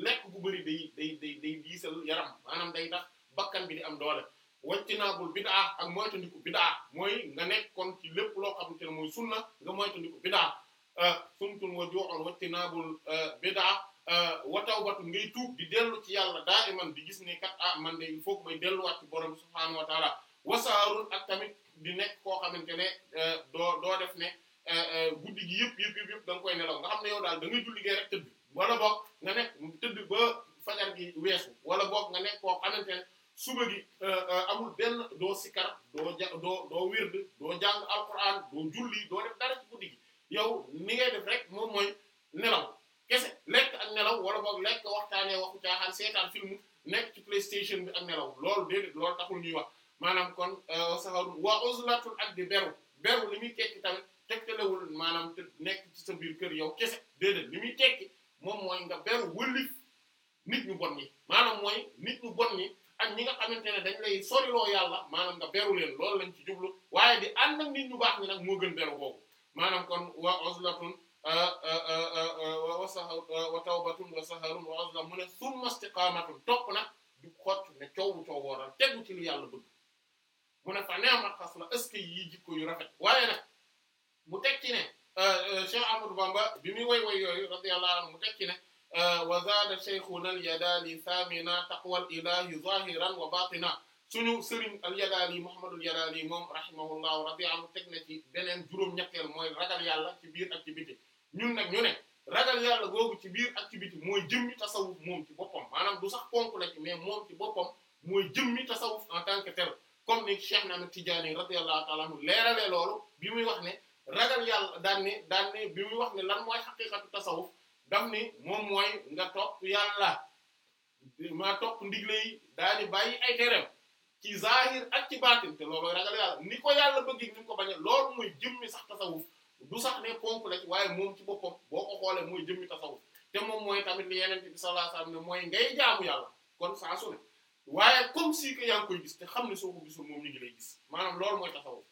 lekk gu bëri day day day day diisal yaram maanaam day tax bakkan bi di am doole waccinaabul bidaa ak moytandiku bidaa mooy nga nekk kon ci lépp loo xamante ne mooy sunna nga moytandiku bidaa sumtun wa ju'un waccinaabul euh, bidaa euh, wa tawbatu ngay tuub di dellu ci yàlla daa iman di gis ne kat ah man de il faut que delluwaat ci borom subhaanahu wa taala wasaarul ak tamit di nekk koo xamante ne euh, doo doo def ne euh, euh, guddi gi yëpp yëpp yëpp yëpp da nga nga xam ne yow daal da ngay julli gee rek tëdd wala boog nga nekk tëdd ba fajar gi weesu wala boog nga nekk koo xamante ne suba gi di beru beru li muy tekki tamit tegtalewul maanaam te nekk ci sa biir kër yow kese déedéet li muy tekki moom mooy nga beru wëlif nit ñu bon ñi maanaam mooy nit ñu bon ñi ak ñi nga xamante ne dañ lay soriloo yàlla maanaam nga beru leen loolu lañ ci jublu waaye di ànd ak nit ñu baax ñi nag moo gën beru boobu maanaam kon wa uzlatun wa wa tawbatun wa saharun wa uzla mu ne summa istiqamatun ba bi mu muy way way yooyu radiyallahu anhu mu teg ci ne euh, wa zaada shaykhuna al-Yadaali thamina taqwal ilahi zahiran wa batina suñu sëriñ al-Yadaali Muhammadul Yadaali moom rahimahullahu rabbi am teg na ci beneen juróom-ñetteel mooy ragal yàlla ci biir ak ci biti ñun nag ñu ne ragal yàlla googu ci biir ak ci biti mooy jëmmi tasawuf moom ci boppam maanaam du sax ponk la ci mais moom ci boppam mooy jëmmi tasawuf en tant que tel comme ni Cheikh Ahmed Tidiane radiyallahu ta'ala ragal yàlla daan ni bi muy wax ne lan mooy xaqiqatu tasawuf daf ni moom mooy nga topp yàlla ma topp ndigle yi daal di bàyyi ay tereem ci zahir ak ci baatin te loolooy ragal yàlla ni ko yàlla bëggi ni mu ko bañe loolu muy jëmmi sax tasawuf du sax ne ponk la waaye moom ci boppam boo ko xoolee muy jëmmi tasawuf te moom mooy tamit li yeneen bi sallallahu alayhi wasallam mooy ngay jaamu yàlla kon saa su ne waaye comme si que yaa ngi koy gis te xam ne soo ko gisul moom loolu mooy tasawuf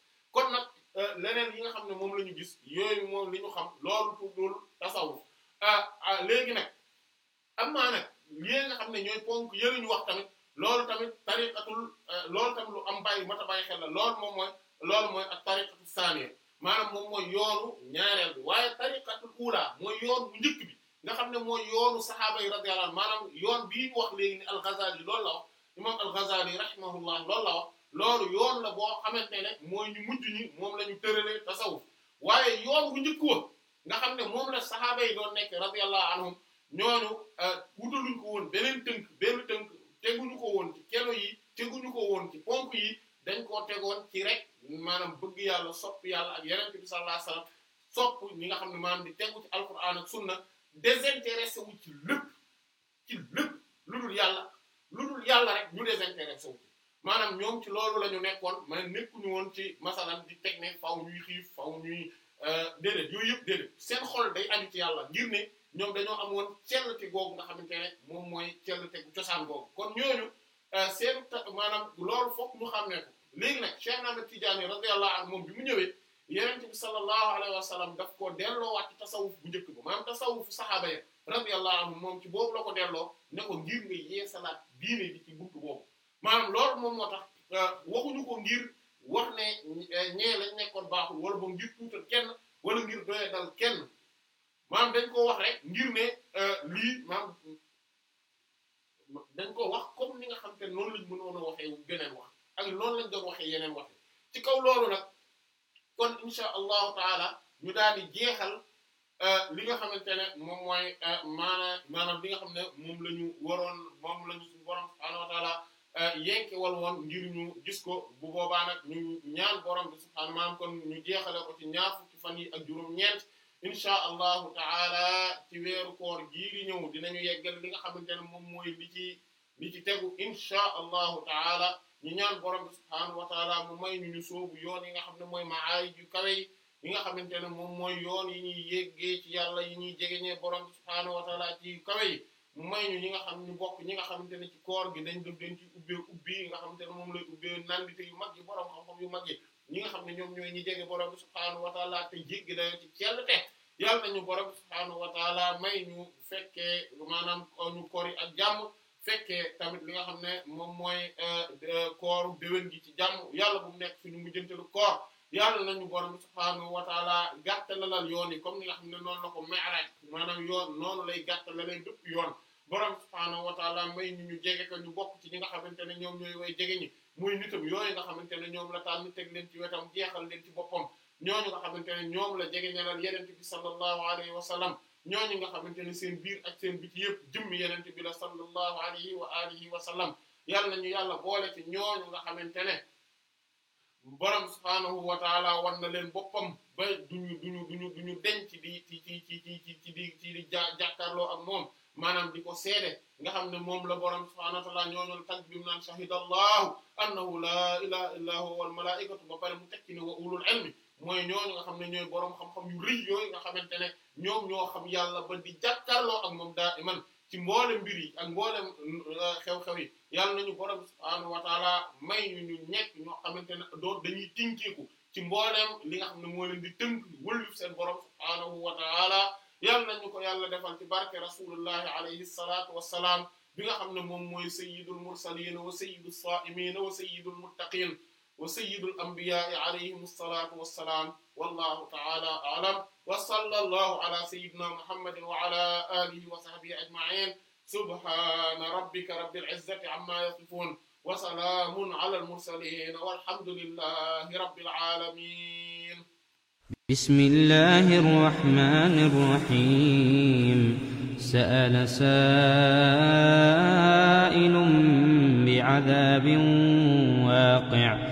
Euh, leneen yi nga xam ne moom lañu ñu gis yooyu moom li ñu xam loolu tuddul tasawuf euh, léegi nag am naa nag lii nga xam ne ñooy ponk yële ñu wax tamit loolu tamit tariqatul euh, loolu tamit lu am bàyyi mat a bàyyi xel la moom mooy loolu mooy ak tariqatu saaniya maanaam moom mooy yoonu ñaareel bi waaye tariqatul ula mooy yoon bu njëkk bi nga xam ne mooy yoonu saxaaba yi radiyallahu anhum maanaam yoon bii wax léegi ni al-Ghazali loolu la wax imam al-Ghazali rahimahullah loolu la wax loolu yoon la boo xamante ne mooy ñu mujj ñi moom la ñu tëralee tasawuf waaye yoon bu njëkk wa nga xam ne moom la saxaaba yi doon nekk radiyallahu anhum ñooñu euh, wutaluñ ko woon beneen tënk benn tënk teguñu ko woon ci kelo yi teguñu ko woon ci ponk yi dañ koo tegoon ci rek maanaam bëgg yàlla sopp yàlla ak yeneen bi sallallahu alayhi sopp ñi nga xam ne maanam di tegu ci alquran ak sunna désintéressé wu ci lépp ci lépp lu dul yàlla lu dul yàlla rek ñu désintéressé wu maanaam ñoom ci loolu la ñu nekkoon ma nekkuñu woon ci masalan di teg ne faw ñuy xiif faw ñuy euh, déedéet yooyu yëpp déedéet seen xol day aju ci yàlla ngir ne ñoom dañoo amoon cellte googu nga xamante ne moom mooy cellte gu cosaan googu kon ñooñu euh, seen maanaam loolu fokk ñu xam ne ko léegi nag Cheikh Ahmed Tidiane radiyallahu anhu moom bi mu ñëwee yenente bi sallallahu alayhi wa sallam daf ko delloowaat ci tasawuf bu njëkk ba maanaam tasawuf saxaaba ya radiyallahu anhu moom ci boobu la ko delloo ne ko ngir nga boobu maanaam loolu moom moo tax euh, waxuñu ko ngir wax ne euh, ñee lañ nekkoon baaxul wala boog ngir tuutal kenn wala ngir doye dal kenn maanaam dañ koo wax rek ngir ne euh, lii maanaam dañ ko wax comme ni nga xam te noonu lañ mënoon a waxee beneen ak noonu lañ doon waxee yeneen waxe ci kaw loolu nag kon insha ñu daal di jeexal li nga xamante ne moom mooy maana maanaam li nga xam ne moom lañu ñu waroon moom Euh, yenkewal woon ngir ñu gis ko bu boobaa nag ñu ñaan borom bi subhaanahu maam kon ñu jeexale ko ci ñaar fukki fan yi ak juróom-ñeent incha taala ci weeru koor gii di ñëw dinañu yeggal li nga xamante ne moom mooy li ci li ci tegu incha allahu taala ñu ñaan borom bi subhaanahu wa taala yoon yi nga xam ne mooy maay yu kawe yi nga xamante ne moom mooy yoon yi ñuy yéggee ci yàlla yi ñuy jegeñee borom bi subhaanahu wa taala ci kawe yi mu may ñu ñi nga xam ñu bokk ñi nga xamante ne ci koor gi dañ doon dañ ci ubbee ubbi nga xam ne moom lay ubbi nandite yu mag yi borom xam-xam yu mag yi ñi xam ne ñoom ñooy ñi jege borom bi subhaanahu wa taala te jéggi dayo ci cell te yàlla nañu borom bi subhaanahu wa taala may ñu fekkee maanaam ñu koor yi ak jàmm fekkee tamit bi nga xam ne moom mooy euh, euh, kooru déwén gi ci jàmm yàlla bu mu nekk suñu mujjantelu koor yàlla nañu borom subhaanahu wa taala gàttalalal yoon yi comme ni nga xam ne noonu la ko mi'raj maanaam yoon noonu lay gàttalalee dëpp yoon borom subhaanahu wa taala may ñu ñu jege ko ñu bokk ci ñi nga xamante ne ñoom ñooy way jege ñi muy nitam yooyu nga xamante ne ñoom la tànn teg leen ci wetam jeexal leen ci boppam ñooñu nga xamante ne ñoom la jege ñalal yenent bi sallallahu alayhi wa sallam ñi nga xamante ne seen biir ak seen biti yëpp jëmm yenent bi la sallallahu alayhi wa alihi wa sallam yàlla nañu yàlla boole ci ñooñu nga xamante ne borom subhaanahu wa taala war na leen boppam ba duñu duñu duñu duñu denc di ci ci ci ci ci di ci di ja jàkkaarloo ak moom maanaam di ko seede nga xam ne moom la borom subhaanahu wa taala ñooñoon tag bi mu naan shahida allahu la laa ilaha illa huwa wal malaikatu ba pare mu tekki ne wa ulul ilmi mooy ñooñu nga xam ne ñooy borom xam-xam yu rëy yooyu nga xamante ne ñoom ñoo xam yàlla ba di jàkkaarloo ak moom daa iman ci mboolem mbir yi ak mboolem euh, xew-xew yi yàlla nañu borom subhaanahu wa taala may ñu ñu nekk ñoo xamante ne doo dañuy tinkeeku ci mboolem li nga xam ne moo leen di tënk wëllu seen borom subhaanahu wa taala yàlla nañu ko yàlla defal ci barke rasulullahi alayhi salaatu wassalaam bi nga xam ne moom mooy sayyidul mursalin wa sayyidus sa'imin wa sayyidul muttaqin wa sayyidul anbiya'i alayhim as-salatu was-salam wallahu ta'ala a'lam wa sallallahu ala sayyidina muhammadin wa ala alihi wa sahbihi ajma'in subhana rabbika rabbil izzati amma yasifun wa salamun ala al-mursalin walhamdulillahi rabbil alamin bismillahir rahmanir rahim سأل سائل بعذاب واقع